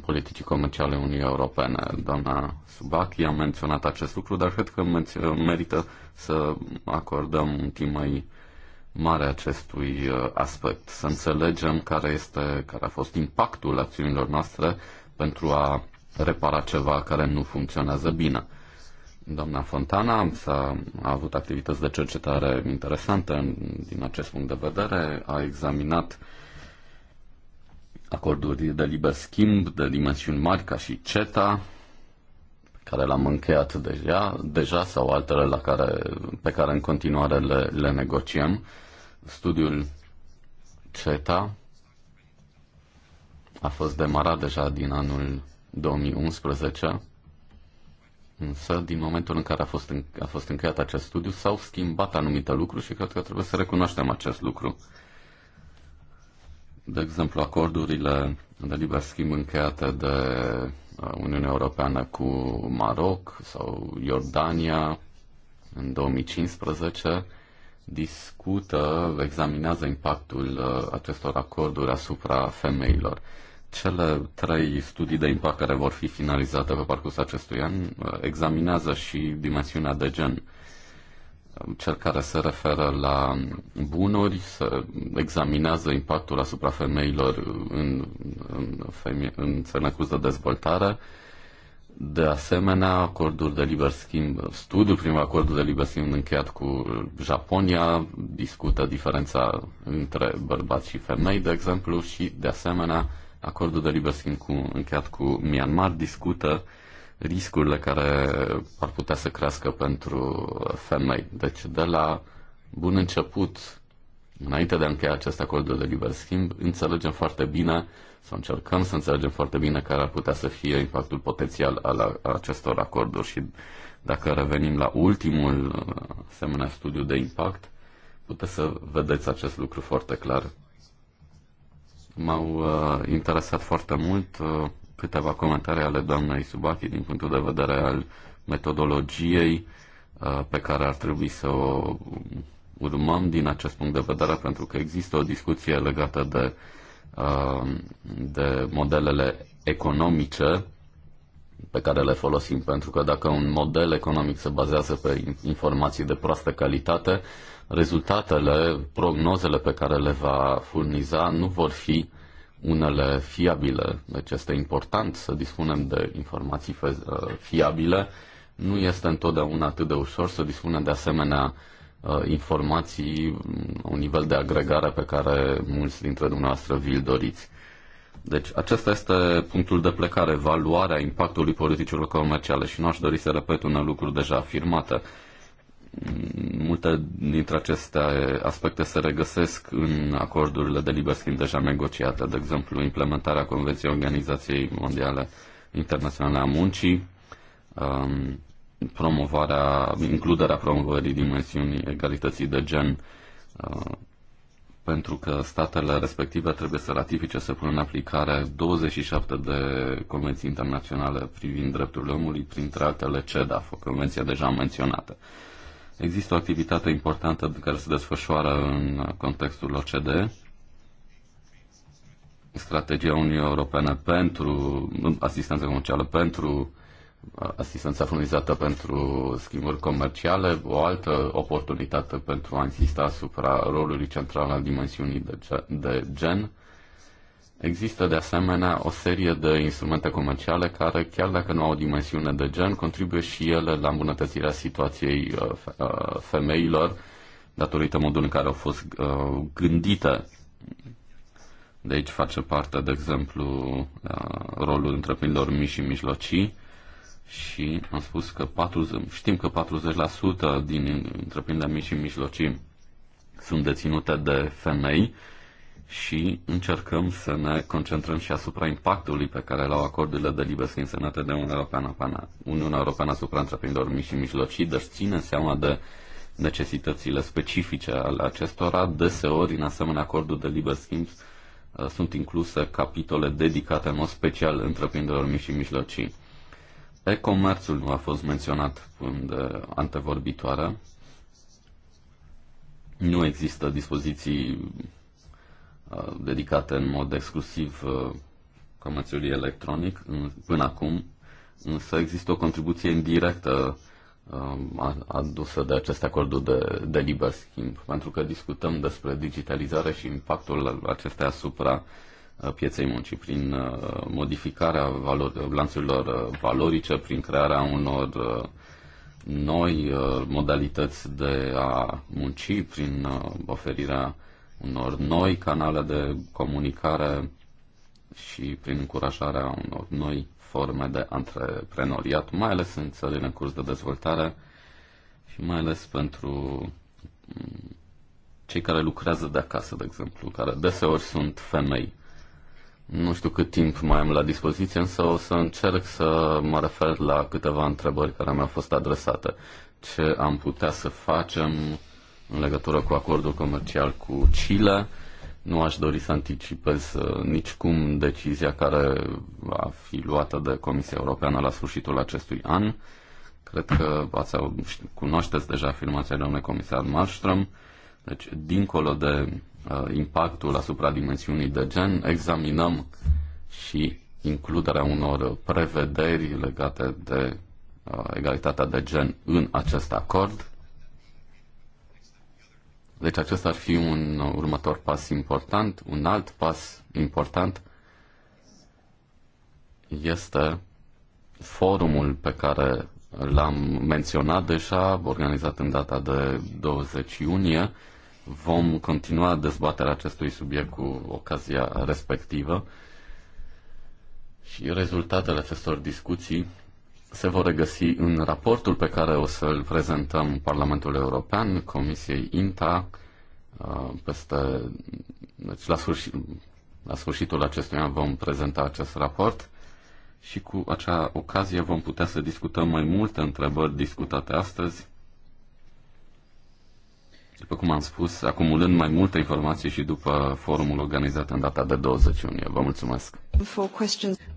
politicii comerciale Uniunii Europene. Doamna Subachi a menționat acest lucru, dar cred că merită să acordăm un timp mai mare acestui uh, aspect, să înțelegem care, este, care a fost impactul acțiunilor noastre pentru a repara ceva care nu funcționează bine. Doamna Fontana a a avut activități de cercetare interesante din acest punct de vedere, a examinat uh, acorduri de liber schimb de dimensiuni mari ca și CETA, care l-am încheiat deja, deja sau altele la care, pe care în continuare le, le negociem. Studiul CETA a fost demarat deja din anul 2011, însă din momentul în care a fost, în, a fost încheiat acest studiu s-au schimbat anumite lucruri și cred că trebuie să recunoaștem acest lucru de exemplu, acordurile de liber schimb încheiate de uh, Uniunea Europeană cu Maroc sau Iordania în 2015 discută, examinează impactul uh, acestor acorduri asupra femeilor. Cele trei studii de impact care vor fi finalizate pe parcursul acestui an uh, examinează și dimensiunea de gen cel care se referă la bunuri, se examinează impactul asupra femeilor în, în, feme- în țările de dezvoltare. De asemenea, acordul de liber schimb, studiul primul acordul de liber schimb încheiat cu Japonia discută diferența între bărbați și femei, de exemplu, și de asemenea, acordul de liber schimb cu, încheiat cu Myanmar discută uh, riscurile care ar putea să crească pentru femei. Deci de la bun început, înainte de a încheia acest acord de liber schimb, înțelegem foarte bine sau încercăm să înțelegem foarte bine care ar putea să fie impactul potențial al acestor acorduri și dacă revenim la ultimul uh, asemenea studiu de impact, puteți să vedeți acest lucru foarte clar. M-au uh, interesat foarte mult uh, câteva comentarii ale doamnei Subachi din punctul de vedere al metodologiei uh, pe care ar trebui să o urmăm din acest punct de vedere, pentru că există o discuție legată de, uh, de modelele economice pe care le folosim, pentru că dacă un model economic se bazează pe informații de proastă calitate, rezultatele, prognozele pe care le va furniza nu vor fi unele fiabile, deci este important să dispunem de informații uh, fiabile. Nu este întotdeauna atât de ușor să dispunem de asemenea uh, informații, mm, un nivel de agregare pe care mulți dintre dumneavoastră vi-l doriți. Deci acesta este punctul de plecare, valoarea, impactului politicilor comerciale și nu aș dori să repet un lucru deja afirmată. Multe dintre aceste aspecte se regăsesc în acordurile de liber schimb deja negociate, de exemplu implementarea Convenției Organizației Mondiale Internaționale a Muncii, um, promovarea, includerea promovării dimensiunii egalității de gen, uh, pentru că statele respective trebuie să ratifice, să pună în aplicare 27 de convenții internaționale privind drepturile omului, printre altele CEDAF, o convenție deja menționată. Există o activitate importantă care se desfășoară în contextul OCDE, strategia Uniunii Europene pentru asistență comercială pentru asistența furnizată pentru schimburi comerciale, o altă oportunitate pentru a insista asupra rolului central al dimensiunii de, de gen Există de asemenea o serie de instrumente comerciale care, chiar dacă nu au o dimensiune de gen, contribuie și ele la îmbunătățirea situației uh, uh, femeilor datorită modului în care au fost uh, gândite. De aici face parte, de exemplu, rolul întreprinderilor mici și mijlocii și am spus că 40, știm că 40% din întreprinderile mici și mijlocii sunt deținute de femei, și încercăm să ne concentrăm și asupra impactului pe care l-au acordurile de liber schimb semnate de Uniunea Europeană, Uniunea Europeană asupra întreprinderilor mici și mijlocii, deci ține seama de necesitățile specifice ale acestora. Deseori, în asemenea acordul de liber schimb, uh, sunt incluse capitole dedicate în mod special întreprinderilor mici și mijlocii. E-comerțul nu a fost menționat în antevorbitoare. Nu există dispoziții Uh, dedicate în mod exclusiv uh, comerțului electronic. Până acum, însă, există o contribuție indirectă uh, adusă de acest acord de, de liber schimb, pentru că discutăm despre digitalizare și impactul acestea asupra pieței muncii prin modificarea valor, lanțurilor valorice, prin crearea unor noi modalități de a munci, prin oferirea unor noi canale de comunicare și prin încurajarea unor noi forme de antreprenoriat, mai ales în țările în curs de dezvoltare și mai ales pentru mm, cei care lucrează de acasă, de exemplu, care deseori sunt femei. Nu știu cât timp mai am la dispoziție, însă o să încerc să mă refer la câteva întrebări care mi-au fost adresate. Ce am putea să facem în legătură cu acordul comercial cu Chile. Nu aș dori să anticipez uh, nicicum decizia care va fi luată de Comisia Europeană la sfârșitul acestui an. Cred că ați, cunoașteți deja afirmația doamnei comisar Marstrom. Deci, dincolo de uh, impactul asupra dimensiunii de gen, examinăm și includerea unor prevederi legate de uh, egalitatea de gen în acest acord. Deci acesta ar fi un următor pas important. Un alt pas important este forumul pe care l-am menționat deja, organizat în data de 20 iunie. Vom continua dezbaterea acestui subiect cu ocazia respectivă și rezultatele acestor discuții se vor regăsi în raportul pe care o să-l prezentăm Parlamentul European, Comisiei INTA, uh, peste, deci la, sfârșit, la sfârșitul acestui an vom prezenta acest raport și cu acea ocazie vom putea să discutăm mai multe întrebări discutate astăzi după cum am spus, acumulând mai multe informații și după forumul organizat în data de 20 iunie. Vă mulțumesc!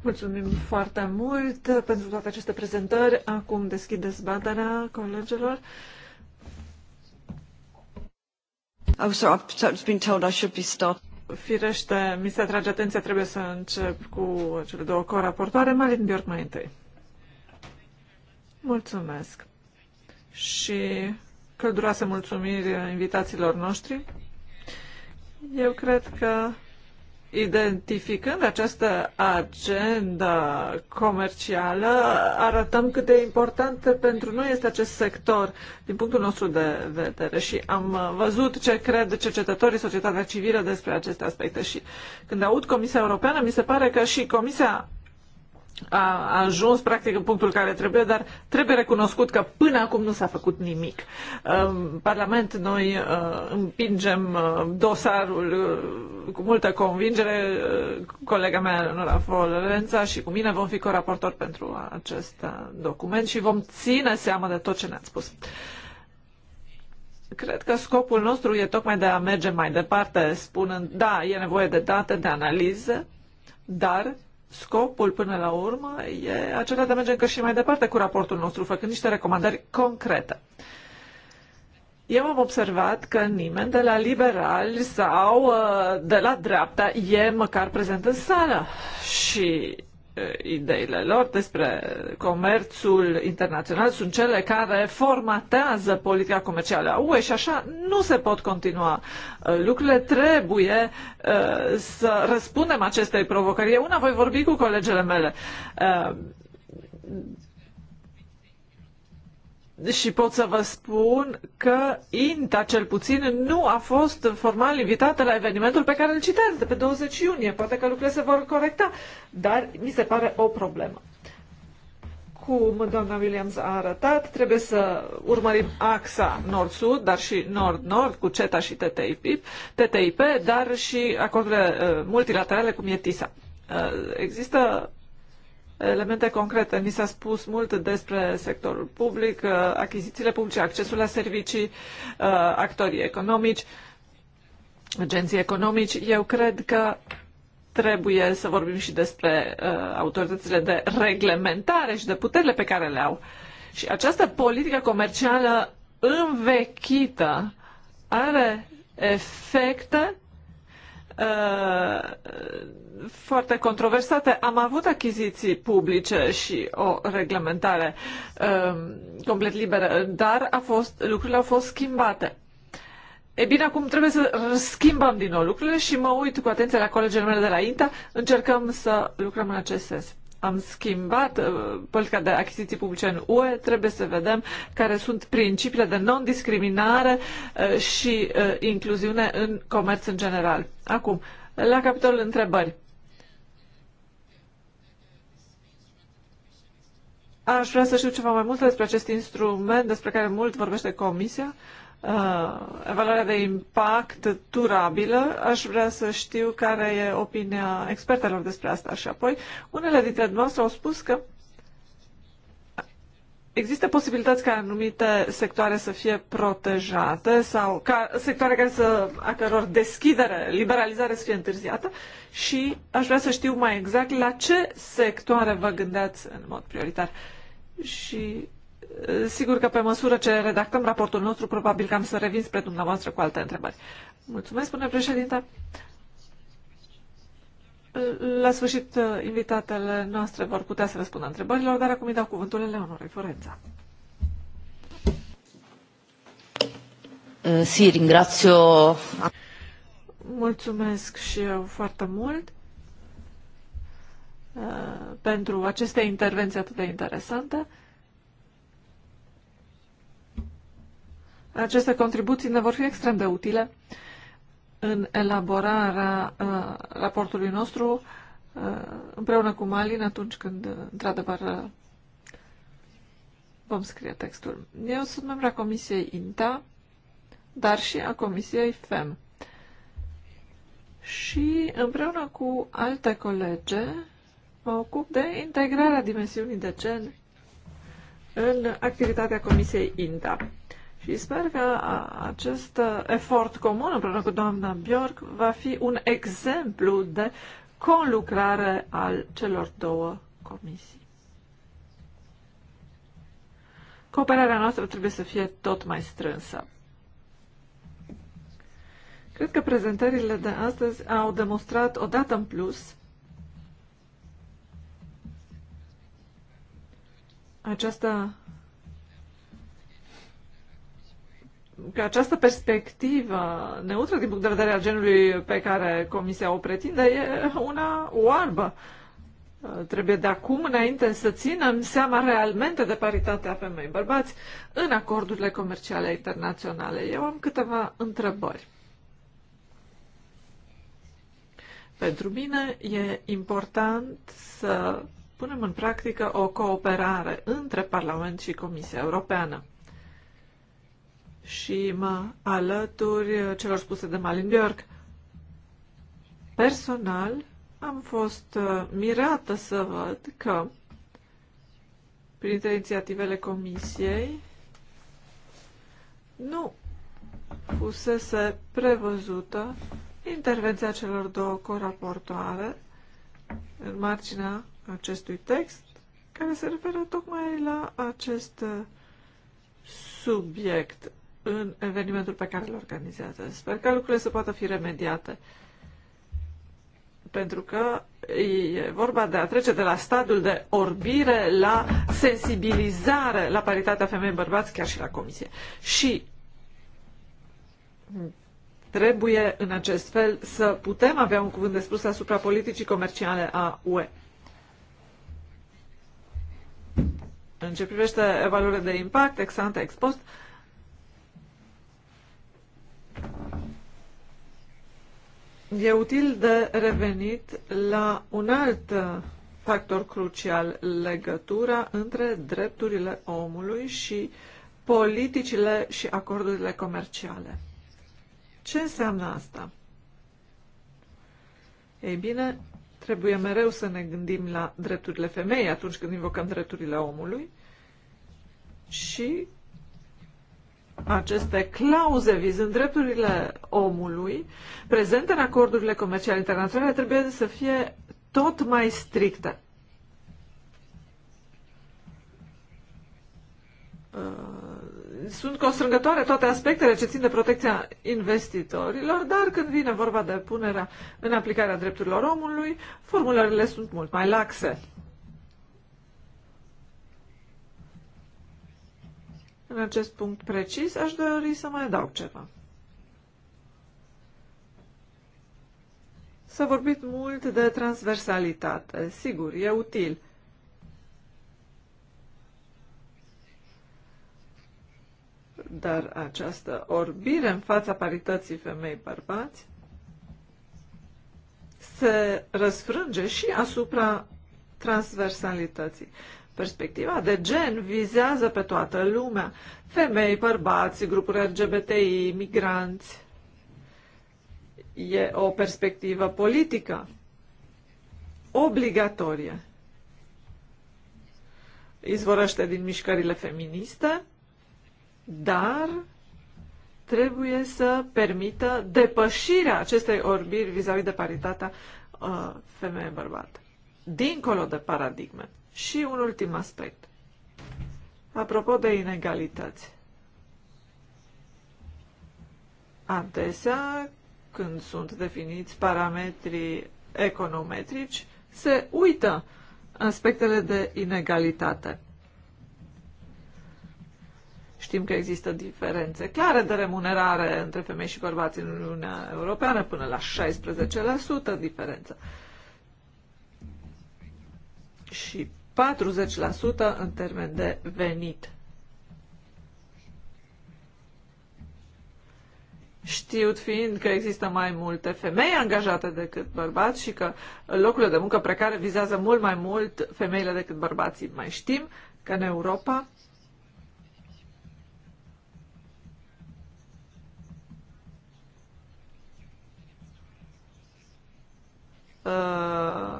Mulțumim foarte mult pentru toate aceste prezentări. Acum deschid dezbaterea colegilor. Oh, sorry, I've been told I should be stopped. Firește, mi se atrage atenția, trebuie să încep cu cele două co-raportoare. Malin Bjork mai întâi. Mulțumesc. Și călduroase mulțumiri invitațiilor noștri. Eu cred că identificând această agenda comercială, arătăm cât de important pentru noi este acest sector din punctul nostru de vedere și am văzut ce cred cercetătorii, societatea civilă despre aceste aspecte și când aud Comisia Europeană, mi se pare că și Comisia a ajuns practic în punctul care trebuie, dar trebuie recunoscut că până acum nu s-a făcut nimic. În Parlament noi uh, împingem uh, dosarul uh, cu multă convingere. Colega mea, Nora Folența, și cu mine vom fi coraportori pentru acest document și vom ține seama de tot ce ne-ați spus. Cred că scopul nostru e tocmai de a merge mai departe, spunând, da, e nevoie de date, de analize, dar scopul până la urmă e acela de a merge încă și mai departe cu raportul nostru, făcând niște recomandări concrete. Eu am observat că nimeni de la liberali sau uh, de la dreapta e măcar prezent în sală și Uh, ideile lor despre comerțul internațional sunt cele care formatează politica comercială a UE și așa nu se pot continua. Uh, lucrurile trebuie uh, să răspundem acestei provocări. Eu una voi vorbi cu colegele mele și pot să vă spun că INTA, cel puțin, nu a fost formal invitată la evenimentul pe care îl citez de pe 20 iunie. Poate că lucrurile se vor corecta, dar mi se pare o problemă. Cum doamna Williams a arătat, trebuie să urmărim axa nord-sud, dar și nord-nord cu CETA și TTIP, TTIP, dar și acordurile uh, multilaterale cum e TISA. Uh, există elemente concrete. Ni s-a spus mult despre sectorul public, uh, achizițiile publice, accesul la servicii, uh, actorii economici, agenții economici. Eu cred că trebuie să vorbim și despre uh, autoritățile de reglementare și de puterile pe care le au. Și această politică comercială învechită are efecte foarte controversate. Am avut achiziții publice și o reglementare um, complet liberă, dar a fost, lucrurile au fost schimbate. E bine, acum trebuie să schimbăm din nou lucrurile și mă uit cu atenție la colegele mele de la INTA. Încercăm să lucrăm în acest sens. Am schimbat uh, politica de achiziții publice în UE, trebuie să vedem care sunt principiile de non-discriminare uh, și uh, incluziune în comerț în general. Acum, la capitolul întrebări. Aș vrea să știu ceva mai multe despre acest instrument despre care mult vorbește Comisia, uh, evaluarea de impact durabilă. Aș vrea să știu care e opinia expertelor despre asta. Și apoi, unele dintre noastre au spus că Există posibilități ca anumite sectoare să fie protejate sau ca sectoare care să, a căror deschidere, liberalizare să fie întârziată și aș vrea să știu mai exact la ce sectoare vă gândeați în mod prioritar. Uh, și sigur că pe măsură ce redactăm raportul nostru, probabil că am să revin spre dumneavoastră cu alte întrebări. Mulțumesc, spune președinte. La sfârșit, invitatele noastre vor putea să răspundă întrebărilor, dar acum îi dau cuvântul Eleonorei Forența. Eh, sì, ringrazio. Mulțumesc și eu foarte mult. Uh, pentru aceste intervenții atât de interesante. Aceste contribuții ne vor fi extrem de utile în elaborarea uh, raportului nostru uh, împreună cu Malin atunci când, uh, într-adevăr, uh, vom scrie textul. Eu sunt membra Comisiei INTA, dar și a Comisiei FEM. Și împreună cu alte colege mă ocup de integrarea dimensiunii de gen în activitatea Comisiei INTA. Și sper că acest efort comun împreună cu doamna Bjork va fi un exemplu de conlucrare al celor două comisii. Cooperarea noastră trebuie să fie tot mai strânsă. Cred că prezentările de astăzi au demonstrat odată în plus această că această perspectivă neutră din punct de vedere al genului pe care Comisia o pretinde e una oarbă. Trebuie de acum înainte să ținem seama realmente de paritatea femei-bărbați în acordurile comerciale internaționale. Eu am câteva întrebări. Pentru mine e important să punem în practică o cooperare între Parlament și Comisia Europeană. Și mă alături celor spuse de Malin Björk. Personal, am fost uh, mirată să văd că printre inițiativele Comisiei nu fusese prevăzută intervenția celor două coraportoare în marginea acestui text, care se referă tocmai la acest uh, subiect în evenimentul pe care îl organizează. Sper că lucrurile se poată fi remediate. Pentru că e vorba de a trece de la stadiul de orbire la sensibilizare la paritatea femei-bărbați, chiar și la comisie. Și trebuie în acest fel să putem avea un cuvânt de spus asupra politicii comerciale a UE. În ce privește evaluarea de impact, ex ante, ex post, e util de revenit la un alt factor crucial, legătura între drepturile omului și politicile și acordurile comerciale. Ce înseamnă asta? Ei bine, Trebuie mereu să ne gândim la drepturile femeii atunci când invocăm drepturile omului și aceste clauze vizând drepturile omului prezente în acordurile comerciale internaționale trebuie să fie tot mai stricte. Uh sunt constrângătoare toate aspectele ce țin de protecția investitorilor, dar când vine vorba de punerea în aplicarea drepturilor omului, formulările sunt mult mai laxe. În acest punct precis, aș dori să mai adaug ceva. S-a vorbit mult de transversalitate. Sigur, e util. Dar această orbire în fața parității femei-bărbați se răsfrânge și asupra transversalității. Perspectiva de gen vizează pe toată lumea, femei, bărbați, grupuri LGBTI, migranți. E o perspectivă politică obligatorie. Izvorăște din mișcările feministe dar trebuie să permită depășirea acestei orbiri vis-a-vis -vis de paritatea uh, femeie-bărbat, dincolo de paradigme. Și un ultim aspect. Apropo de inegalități. Adesea, când sunt definiți parametrii econometrici, se uită aspectele de inegalitate. Știm că există diferențe clare de remunerare între femei și bărbați în Uniunea Europeană, până la 16% diferență. Și 40% în termen de venit. Știut fiind că există mai multe femei angajate decât bărbați și că locurile de muncă precare vizează mult mai mult femeile decât bărbații, mai știm că în Europa Uh,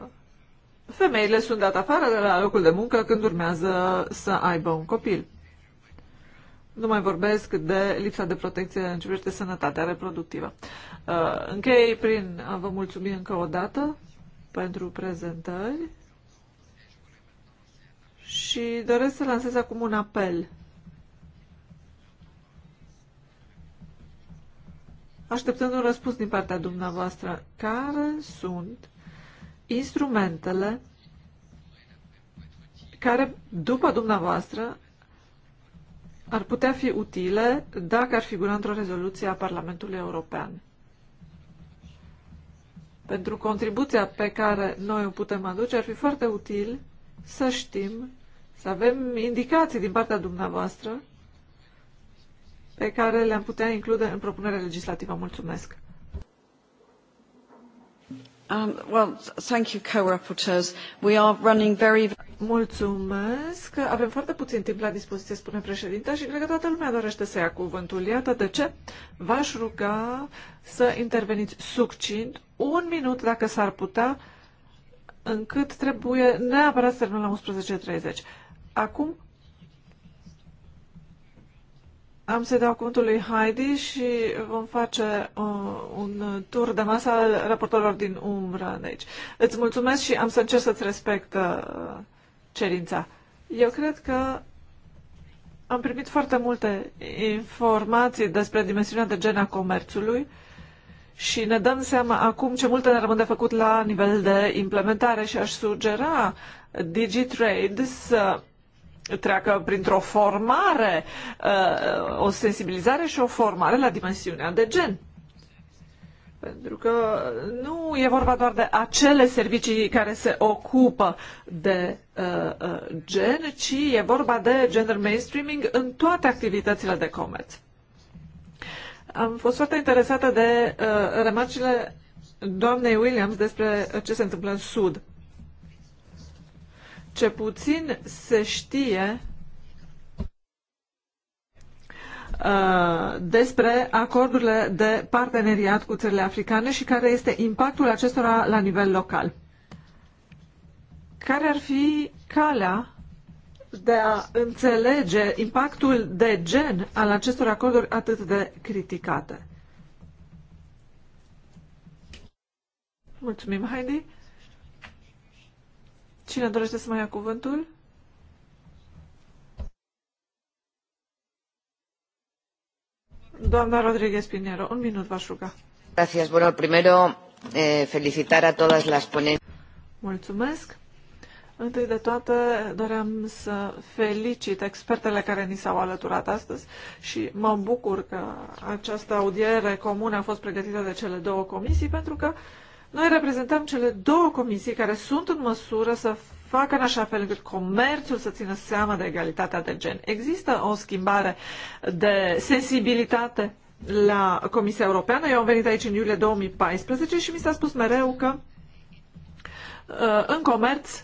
femeile sunt date afară de la locul de muncă când urmează să aibă un copil. Nu mai vorbesc de lipsa de protecție în ce privește sănătatea reproductivă. Uh, închei prin a vă mulțumi încă o dată pentru prezentări și doresc să lansez acum un apel. Așteptând un răspuns din partea dumneavoastră, care sunt instrumentele care, după dumneavoastră, ar putea fi utile dacă ar figura într-o rezoluție a Parlamentului European. Pentru contribuția pe care noi o putem aduce, ar fi foarte util să știm, să avem indicații din partea dumneavoastră pe care le-am putea include în propunerea legislativă. Mulțumesc! Um, Mulțumesc. Avem foarte puțin timp la dispoziție, spune președinta, și cred că toată lumea dorește să ia cuvântul. Iată de ce v-aș ruga să interveniți succint, un minut dacă s-ar putea, încât trebuie neapărat să terminăm la 11.30. Acum am să-i dau cuvântul lui Heidi și vom face uh, un tur de masă al raportorilor din umbră de aici. Îți mulțumesc și am să încerc să-ți respect uh, cerința. Eu cred că am primit foarte multe informații despre dimensiunea de gen a comerțului și ne dăm seama acum ce multe ne rămân de făcut la nivel de implementare și aș sugera DigiTrade să treacă printr-o formare, uh, o sensibilizare și o formare la dimensiunea de gen. Pentru că nu e vorba doar de acele servicii care se ocupă de uh, uh, gen, ci e vorba de gender mainstreaming în toate activitățile de comerț. Am fost foarte interesată de uh, remarcile doamnei Williams despre ce se întâmplă în Sud ce puțin se știe uh, despre acordurile de parteneriat cu țările africane și care este impactul acestora la nivel local. Care ar fi calea de a înțelege impactul de gen al acestor acorduri atât de criticate? Mulțumim, Heidi. Cine dorește să mai ia cuvântul? Doamna Rodríguez Pinero, un minut v-aș ruga. Gracias. Bueno, primero, eh, felicitar a todas las ponentes. Mulțumesc. Întâi de toate, doream să felicit expertele care ni s-au alăturat astăzi și mă bucur că această audiere comună a fost pregătită de cele două comisii pentru că noi reprezentăm cele două comisii care sunt în măsură să facă în așa fel încât comerțul să țină seama de egalitatea de gen. Există o schimbare de sensibilitate la Comisia Europeană. Eu am venit aici în iulie 2014 și mi s-a spus mereu că uh, în comerț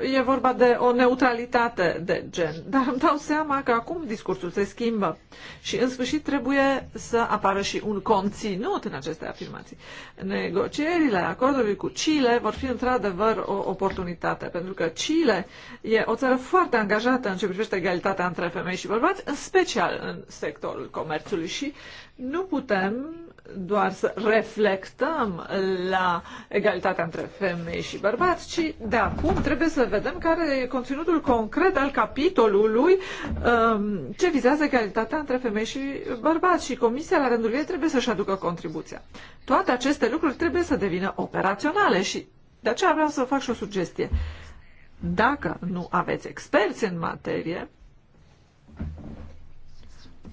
e vorba de o neutralitate de gen. Dar îmi dau seama că acum discursul se schimbă și în sfârșit trebuie să apară și un conținut în aceste afirmații. Negocierile acordului cu Chile vor fi într-adevăr o oportunitate, pentru că Chile e o țară foarte angajată în ce privește egalitatea între femei și bărbați, în special în sectorul comerțului și nu putem doar să reflectăm la egalitatea între femei și bărbați, ci de acum trebuie să vedem care e conținutul concret al capitolului um, ce vizează egalitatea între femei și bărbați și Comisia la rândul ei trebuie să-și aducă contribuția. Toate aceste lucruri trebuie să devină operaționale și de aceea vreau să fac și o sugestie. Dacă nu aveți experți în materie,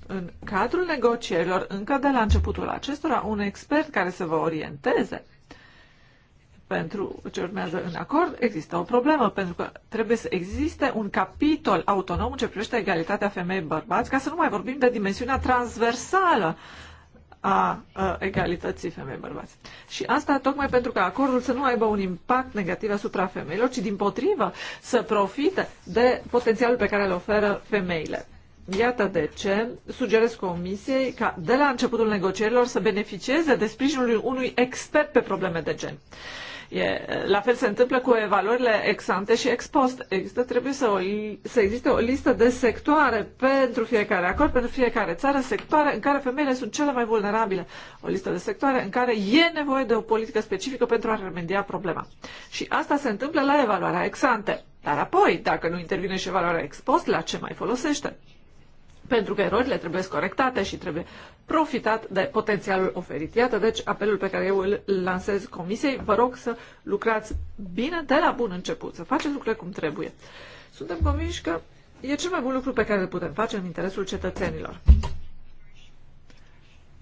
în cadrul negocierilor, încă de la începutul acestora, un expert care să vă orienteze pentru ce urmează în acord, există o problemă, pentru că trebuie să existe un capitol autonom în ce privește egalitatea femei-bărbați, ca să nu mai vorbim de dimensiunea transversală a, a egalității femei-bărbați. Și asta tocmai pentru că acordul să nu aibă un impact negativ asupra femeilor, ci din potrivă să profite de potențialul pe care le oferă femeile. Iată de ce sugerez Comisiei ca de la începutul negocierilor să beneficieze de sprijinul unui expert pe probleme de gen. E, la fel se întâmplă cu evaluările ex ante și ex post. Există, trebuie să, o, să existe o listă de sectoare pentru fiecare acord, pentru fiecare țară, sectoare în care femeile sunt cele mai vulnerabile. O listă de sectoare în care e nevoie de o politică specifică pentru a remedia problema. Și asta se întâmplă la evaluarea ex ante. Dar apoi, dacă nu intervine și evaluarea ex post, la ce mai folosește? pentru că erorile trebuie corectate și trebuie profitat de potențialul oferit. Iată, deci, apelul pe care eu îl lansez comisiei, vă rog să lucrați bine de la bun început, să faceți lucrurile cum trebuie. Suntem convinși că e cel mai bun lucru pe care îl putem face în interesul cetățenilor.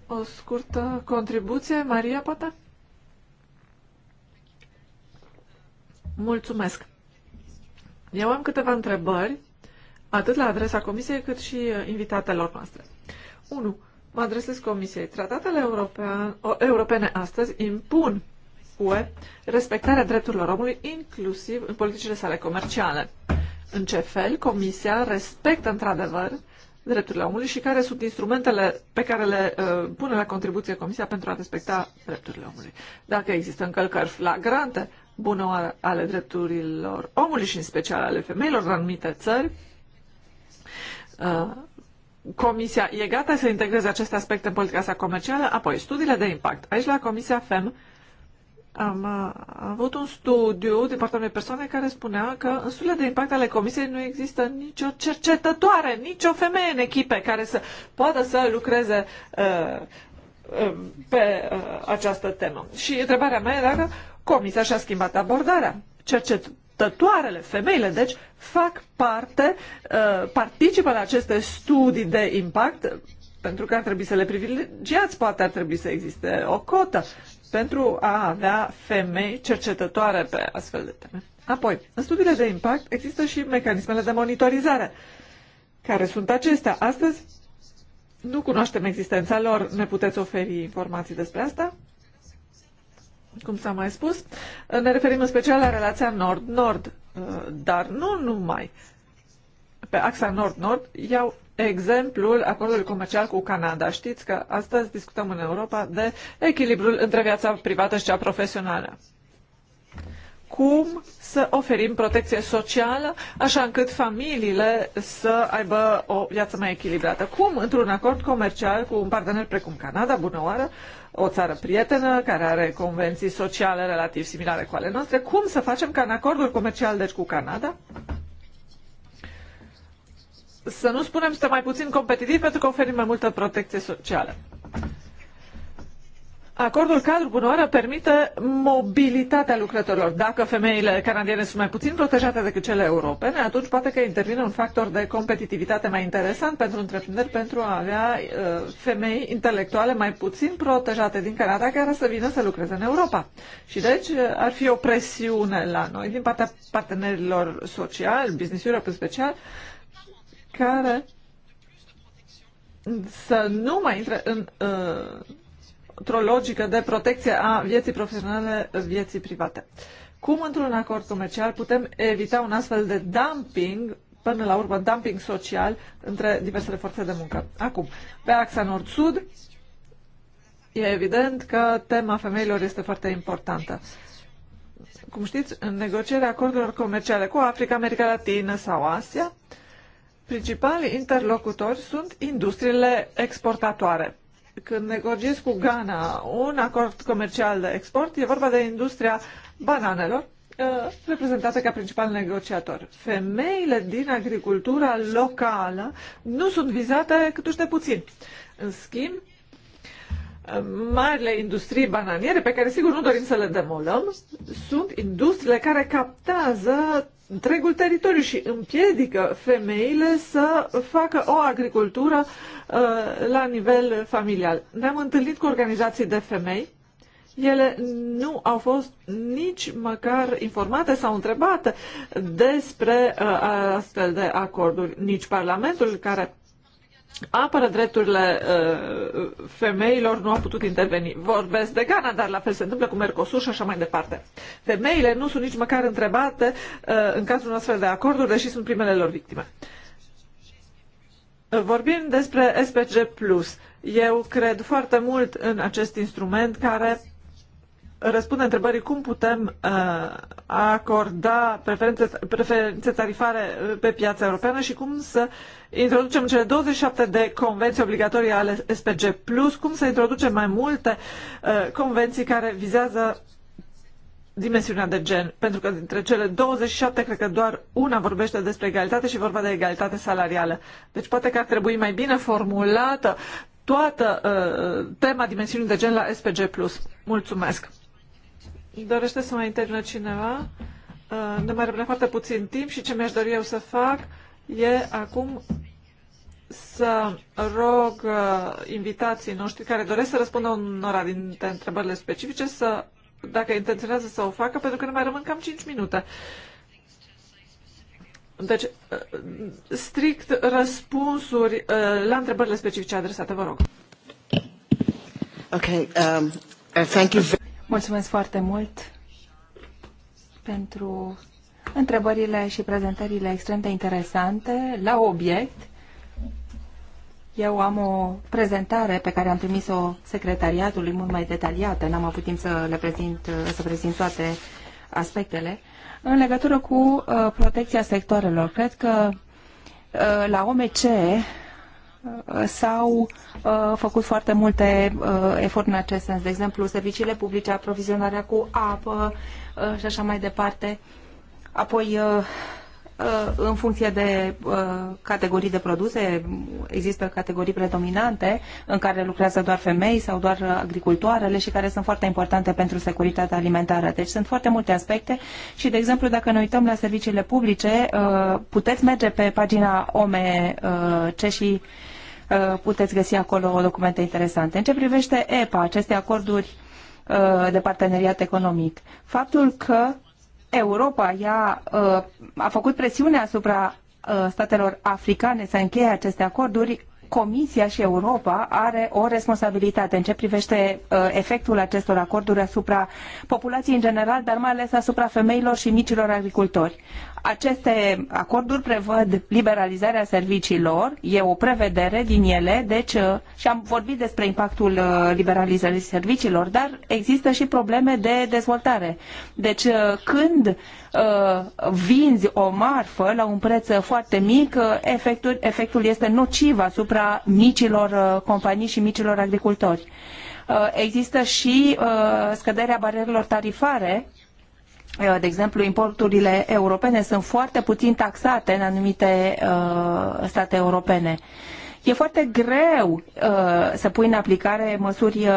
O scurtă contribuție, Maria, poate? Mulțumesc. Eu am câteva întrebări atât la adresa Comisiei cât și uh, invitatelor noastre. 1. Mă adresez Comisiei. Tratatele european, o, europene astăzi impun UE respectarea drepturilor omului, inclusiv în politicile sale comerciale. În ce fel Comisia respectă într-adevăr drepturile omului și care sunt instrumentele pe care le uh, pune la contribuție Comisia pentru a respecta drepturile omului. Dacă există încălcări flagrante bună ale drepturilor omului și în special ale femeilor în anumite țări, Uh, comisia e gata să integreze aceste aspecte în politica sa comercială, apoi studiile de impact. Aici la Comisia FEM uh, am avut un studiu din partea unei persoane care spunea că în studiile de impact ale Comisiei nu există nicio cercetătoare, nicio femeie în echipe care să poată să lucreze uh, uh pe uh, această temă. Și întrebarea mea e dacă Comisia și-a schimbat abordarea. Cercetătoare tătoarele, femeile, deci, fac parte, uh, participă la aceste studii de impact pentru că ar trebui să le privilegiați, poate ar trebui să existe o cotă pentru a avea femei cercetătoare pe astfel de teme. Apoi, în studiile de impact există și mecanismele de monitorizare. Care sunt acestea? Astăzi nu cunoaștem existența lor. Ne puteți oferi informații despre asta? cum s-a mai spus, ne referim în special la relația nord-nord, uh, dar nu numai. Pe axa nord-nord iau exemplul acordului comercial cu Canada. Știți că astăzi discutăm în Europa de echilibrul între viața privată și cea profesională. Cum să oferim protecție socială așa încât familiile să aibă o viață mai echilibrată? Cum, într-un acord comercial cu un partener precum Canada, bună oară, o țară prietenă care are convenții sociale relativ similare cu ale noastre, cum să facem ca în acordul comercial, deci cu Canada, să nu spunem să mai puțin competitivi pentru că oferim mai multă protecție socială. Acordul cadru, bună oară, permite mobilitatea lucrătorilor. Dacă femeile canadiene sunt mai puțin protejate decât cele europene, atunci poate că intervine un factor de competitivitate mai interesant pentru întreprinderi pentru a avea uh, femei intelectuale mai puțin protejate din Canada care să vină să lucreze în Europa. Și deci uh, ar fi o presiune la noi din partea partenerilor sociali, Business Europe în special, care să nu mai intre în uh, într-o logică de protecție a vieții profesionale, vieții private. Cum într-un acord comercial putem evita un astfel de dumping, până la urmă dumping social, între diversele forțe de muncă? Acum, pe axa nord-sud, e evident că tema femeilor este foarte importantă. Cum știți, în negocierea acordurilor comerciale cu Africa, America Latină sau Asia, principalii interlocutori sunt industriile exportatoare când negociez cu Ghana un acord comercial de export, e vorba de industria bananelor, uh, reprezentată ca principal negociator. Femeile din agricultura locală nu sunt vizate câtuși de puțin. În schimb, marile industrii bananiere, pe care sigur nu dorim să le demolăm, sunt industriile care captează întregul teritoriu și împiedică femeile să facă o agricultură uh, la nivel familial. Ne-am întâlnit cu organizații de femei. Ele nu au fost nici măcar informate sau întrebate despre uh, astfel de acorduri. Nici Parlamentul, care apără drepturile uh, femeilor, nu a putut interveni. Vorbesc de Ghana, dar la fel se întâmplă cu Mercosur și așa mai departe. Femeile nu sunt nici măcar întrebate uh, în cazul unui astfel de acorduri, deși sunt primele lor victime. Vorbim despre SPG+. Eu cred foarte mult în acest instrument care răspunde întrebării cum putem uh, acorda preferințe, preferințe tarifare pe piața europeană și cum să introducem cele 27 de convenții obligatorii ale SPG+, plus, cum să introducem mai multe uh, convenții care vizează dimensiunea de gen, pentru că dintre cele 27, cred că doar una vorbește despre egalitate și vorba de egalitate salarială. Deci poate că ar trebui mai bine formulată toată uh, tema dimensiunii de gen la SPG+. Mulțumesc! Dorește să mai intervină cineva? Uh, ne mai rămâne foarte puțin timp și ce mi-aș dori eu să fac e acum să rog uh, invitații noștri care doresc să răspundă unora dintre întrebările specifice să, dacă intenționează să o facă, pentru că ne mai rămân cam 5 minute. Deci, uh, strict răspunsuri la întrebările specifice adresate, vă rog. Okay, um, thank you very Mulțumesc foarte mult pentru întrebările și prezentările extrem de interesante la obiect. Eu am o prezentare pe care am trimis-o secretariatului mult mai detaliată, n-am avut timp să le prezint, să prezint toate aspectele. În legătură cu uh, protecția sectoarelor, cred că uh, la OMC s-au uh, făcut foarte multe uh, eforturi în acest sens, de exemplu, serviciile publice, aprovizionarea cu apă uh, și așa mai departe. Apoi, uh, uh, în funcție de uh, categorii de produse, există categorii predominante în care lucrează doar femei sau doar agricultoarele și care sunt foarte importante pentru securitatea alimentară. Deci sunt foarte multe aspecte și, de exemplu, dacă ne uităm la serviciile publice, puteți merge pe pagina OMC și Uh, puteți găsi acolo documente interesante. În ce privește EPA, aceste acorduri uh, de parteneriat economic, faptul că Europa ia, uh, a făcut presiune asupra statelor africane să încheie aceste acorduri, Comisia și Europa are o responsabilitate în ce privește efectul acestor acorduri asupra populației în general, dar mai ales asupra femeilor și micilor agricultori. Aceste acorduri prevăd liberalizarea serviciilor, e o prevedere din ele, deci uh, și am vorbit despre impactul uh, liberalizării serviciilor, dar există și probleme de dezvoltare. Deci uh, când vinzi o marfă la un preț foarte mic, efectul, efectul este nociv asupra micilor companii și micilor agricultori există și scăderea barierelor tarifare Eh, de exemplu, importurile europene sunt foarte puțin taxate în anumite uh, state europene. E foarte greu uh, să pui în aplicare măsuri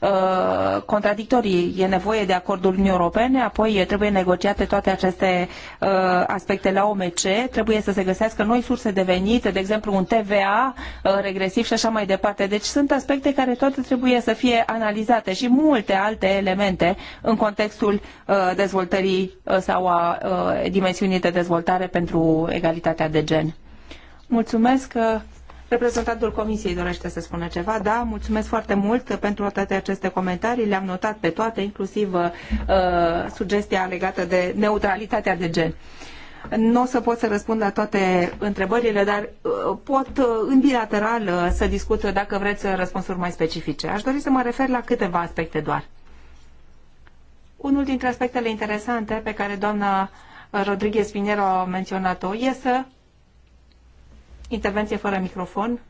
Uh, contradictorii. E nevoie de acordul Uniunii Europene, apoi trebuie negociate toate aceste uh, aspecte la OMC, trebuie să se găsească noi surse de venit, de exemplu un TVA uh, regresiv și așa mai departe. Deci sunt aspecte care toate trebuie să fie analizate și multe alte elemente în contextul uh, dezvoltării uh, sau a dimensiunii de dezvoltare pentru egalitatea de gen. Mulțumesc! Reprezentantul Comisiei dorește să spună ceva. Da, mulțumesc foarte mult pentru toate aceste comentarii. Le-am notat pe toate, inclusiv uh, sugestia legată de neutralitatea de gen. Nu o să pot să răspund la toate întrebările, dar uh, pot uh, în bilateral uh, să discut dacă vreți răspunsuri mai specifice. Aș dori să mă refer la câteva aspecte doar. Unul dintre aspectele interesante pe care doamna Rodriguez Pinero a menționat-o este Intervenție fără microfon.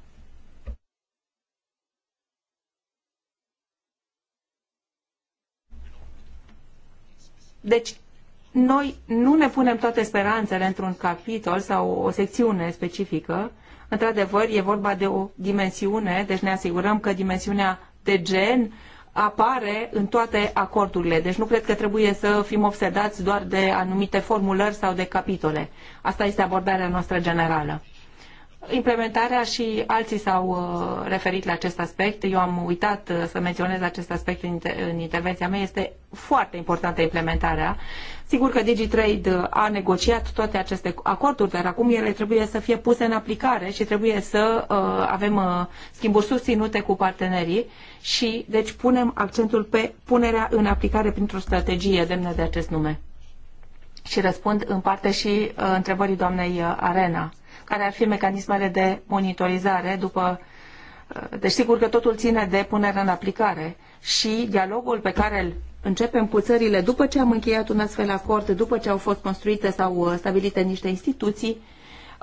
Deci, noi nu ne punem toate speranțele într-un capitol sau o secțiune specifică. Într-adevăr, e vorba de o dimensiune, deci ne asigurăm că dimensiunea de gen apare în toate acordurile. Deci nu cred că trebuie să fim obsedați doar de anumite formulări sau de capitole. Asta este abordarea noastră generală implementarea și alții s-au uh, referit la acest aspect. Eu am uitat uh, să menționez acest aspect în, intervenția mea. Este foarte importantă implementarea. Sigur că DigiTrade uh, a negociat toate aceste acorduri, dar acum ele trebuie să fie puse în aplicare și trebuie să avem schimburi susținute cu partenerii și deci punem accentul pe punerea în aplicare printr-o strategie demnă de acest nume. Și răspund în parte și întrebării doamnei Arena care ar fi mecanismele de monitorizare după uh, deci sigur că totul ține de punerea în aplicare și dialogul pe care îl începem cu țările după ce am încheiat un astfel acord, după ce au fost construite sau uh, stabilite niște instituții,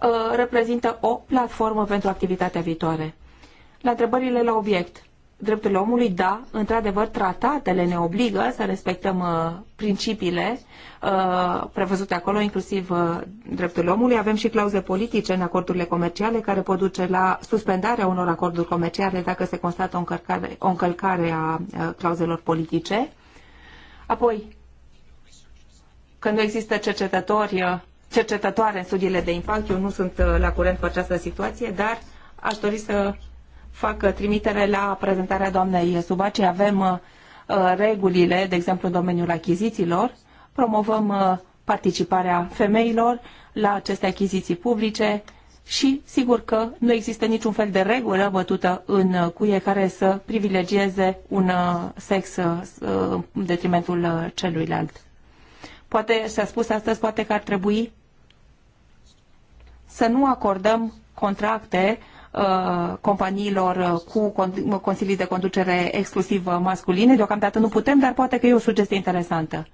uh, reprezintă o platformă pentru activitatea viitoare. La întrebările la obiect drepturile omului, da, într-adevăr, tratatele ne obligă să respectăm uh, principiile uh, prevăzute acolo, inclusiv uh, drepturile omului. Avem și clauze politice în acordurile comerciale care pot duce la suspendarea unor acorduri comerciale dacă se constată o încălcare, o încălcare a clauzelor politice. Apoi, când nu există cercetători, cercetătoare în studiile de impact, eu nu sunt la curent cu această situație, dar aș dori să fac uh, trimitere la prezentarea doamnei Subace. Avem uh, uh, regulile, de exemplu, în domeniul achizițiilor. Promovăm participarea femeilor la aceste achiziții publice și sigur că nu există niciun fel de regulă bătută în cuie care să privilegieze un sex în detrimentul celuilalt. Poate s-a spus astăzi, poate că ar trebui să nu acordăm contracte Uh, companiilor cu consilii de conducere exclusiv masculine. Deocamdată nu putem, dar poate că e o sugestie interesantă.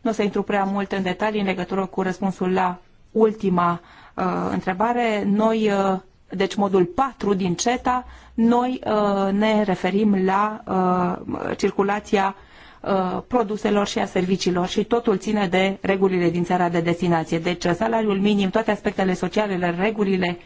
Nu o să intru prea mult în detalii în legătură cu răspunsul la ultima uh, întrebare. Noi, uh, deci modul 4 din CETA, noi uh, ne referim la uh, circulația uh, produselor și a serviciilor și totul ține de regulile din țara de destinație. Deci salariul minim, toate aspectele sociale, regulile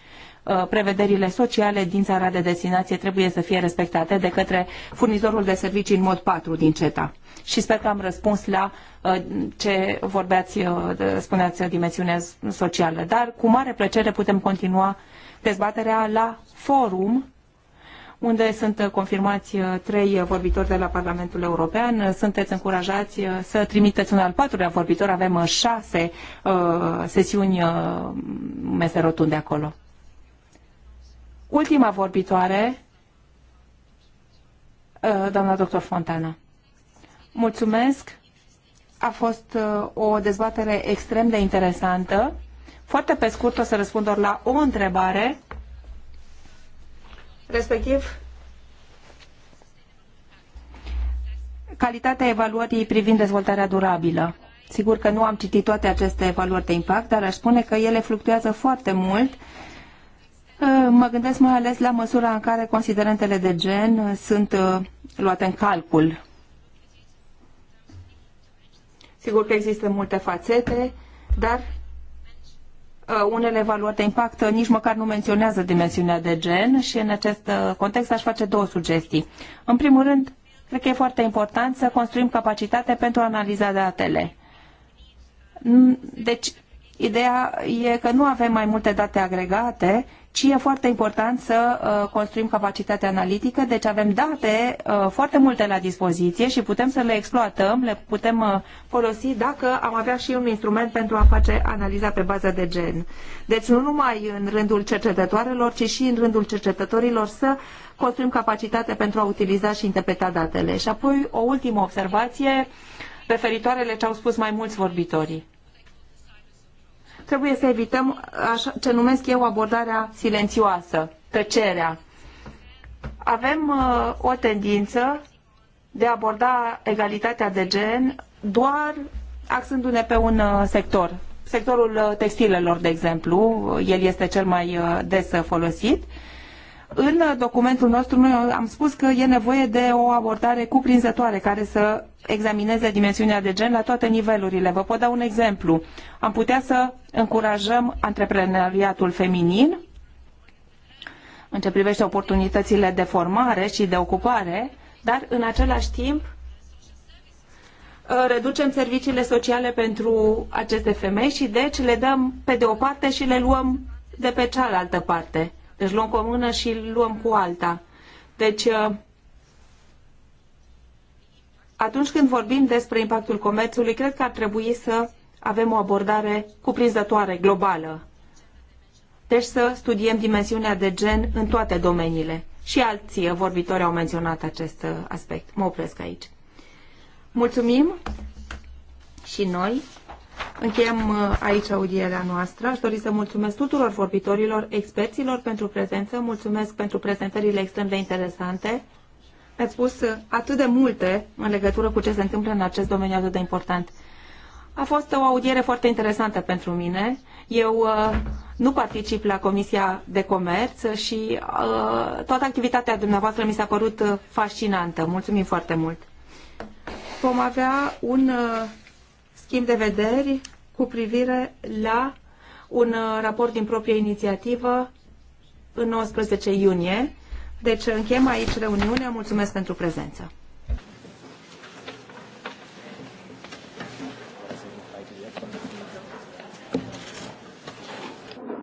Uh, prevederile sociale din țara de destinație trebuie să fie respectate de către furnizorul de servicii în mod 4 din CETA. Și sper că am răspuns la uh, ce vorbeați, uh, spuneați dimensiunea socială. Dar cu mare plăcere putem continua dezbaterea la forum unde sunt confirmați trei vorbitori de la Parlamentul European. Sunteți încurajați să trimiteți un al patrulea vorbitor. Avem șase sesiuni mese rotunde acolo. Ultima vorbitoare, uh, doamna doctor Fontana. Mulțumesc. A fost uh, o dezbatere extrem de interesantă. Foarte pe scurt o să răspund doar la o întrebare, respectiv calitatea evaluării privind dezvoltarea durabilă. Sigur că nu am citit toate aceste evaluări de impact, dar aș spune că ele fluctuează foarte mult Mă gândesc mai ales la măsura în care considerentele de gen uh, sunt uh, luate în calcul. Sigur că există multe fațete, dar uh, unele evaluate impact nici măcar nu menționează dimensiunea de gen și în acest context aș face două sugestii. În primul rând, cred că e foarte important să construim capacitate pentru a analiza datele. Deci, ideea e că nu avem mai multe date agregate, ci deci, e foarte important să uh, construim capacitatea analitică, deci avem date uh, foarte multe la dispoziție și putem să le exploatăm, le putem uh, folosi dacă am avea și un instrument pentru a face analiza pe bază de gen. Deci nu numai în rândul cercetătoarelor, ci și în rândul cercetătorilor să construim capacitate pentru a utiliza și interpreta datele. Și apoi o ultimă observație referitoare la ce au spus mai mulți vorbitorii trebuie să evităm așa, ce numesc eu abordarea silențioasă, tăcerea. Avem uh, o tendință de a aborda egalitatea de gen doar axându-ne pe un uh, sector. Sectorul uh, textilelor, de exemplu, uh, el este cel mai uh, des folosit. Uh, în documentul nostru noi am spus că e nevoie de o abordare cuprinzătoare care să examineze dimensiunea de gen la toate nivelurile. Vă pot da un exemplu. Am putea să încurajăm antreprenoriatul feminin în ce privește oportunitățile de formare și de ocupare, dar în același timp uh, reducem serviciile sociale pentru aceste femei și deci le dăm pe de o parte și le luăm de pe cealaltă parte. Deci luăm cu o mână și luăm cu alta. Deci, uh, atunci când vorbim despre impactul comerțului, cred că ar trebui să avem o abordare cuprinzătoare, globală. Deci să studiem dimensiunea de gen în toate domeniile. Și alții vorbitori au menționat acest uh, aspect. Mă opresc aici. Mulțumim și noi. Încheiem uh, aici audierea noastră. Aș dori să mulțumesc tuturor vorbitorilor, experților pentru prezență, mulțumesc pentru prezentările extrem de interesante. Ați spus uh, atât de multe în legătură cu ce se întâmplă în acest domeniu atât de important. A fost o audiere foarte interesantă pentru mine. Eu uh, nu particip la Comisia de Comerț și toată activitatea dumneavoastră mi s-a părut fascinantă. Mulțumim foarte mult! Vom avea un uh, schimb de vederi cu privire la un uh, raport din proprie inițiativă în 19 iunie. Deci încheiem aici reuniunea. Mulțumesc pentru prezență.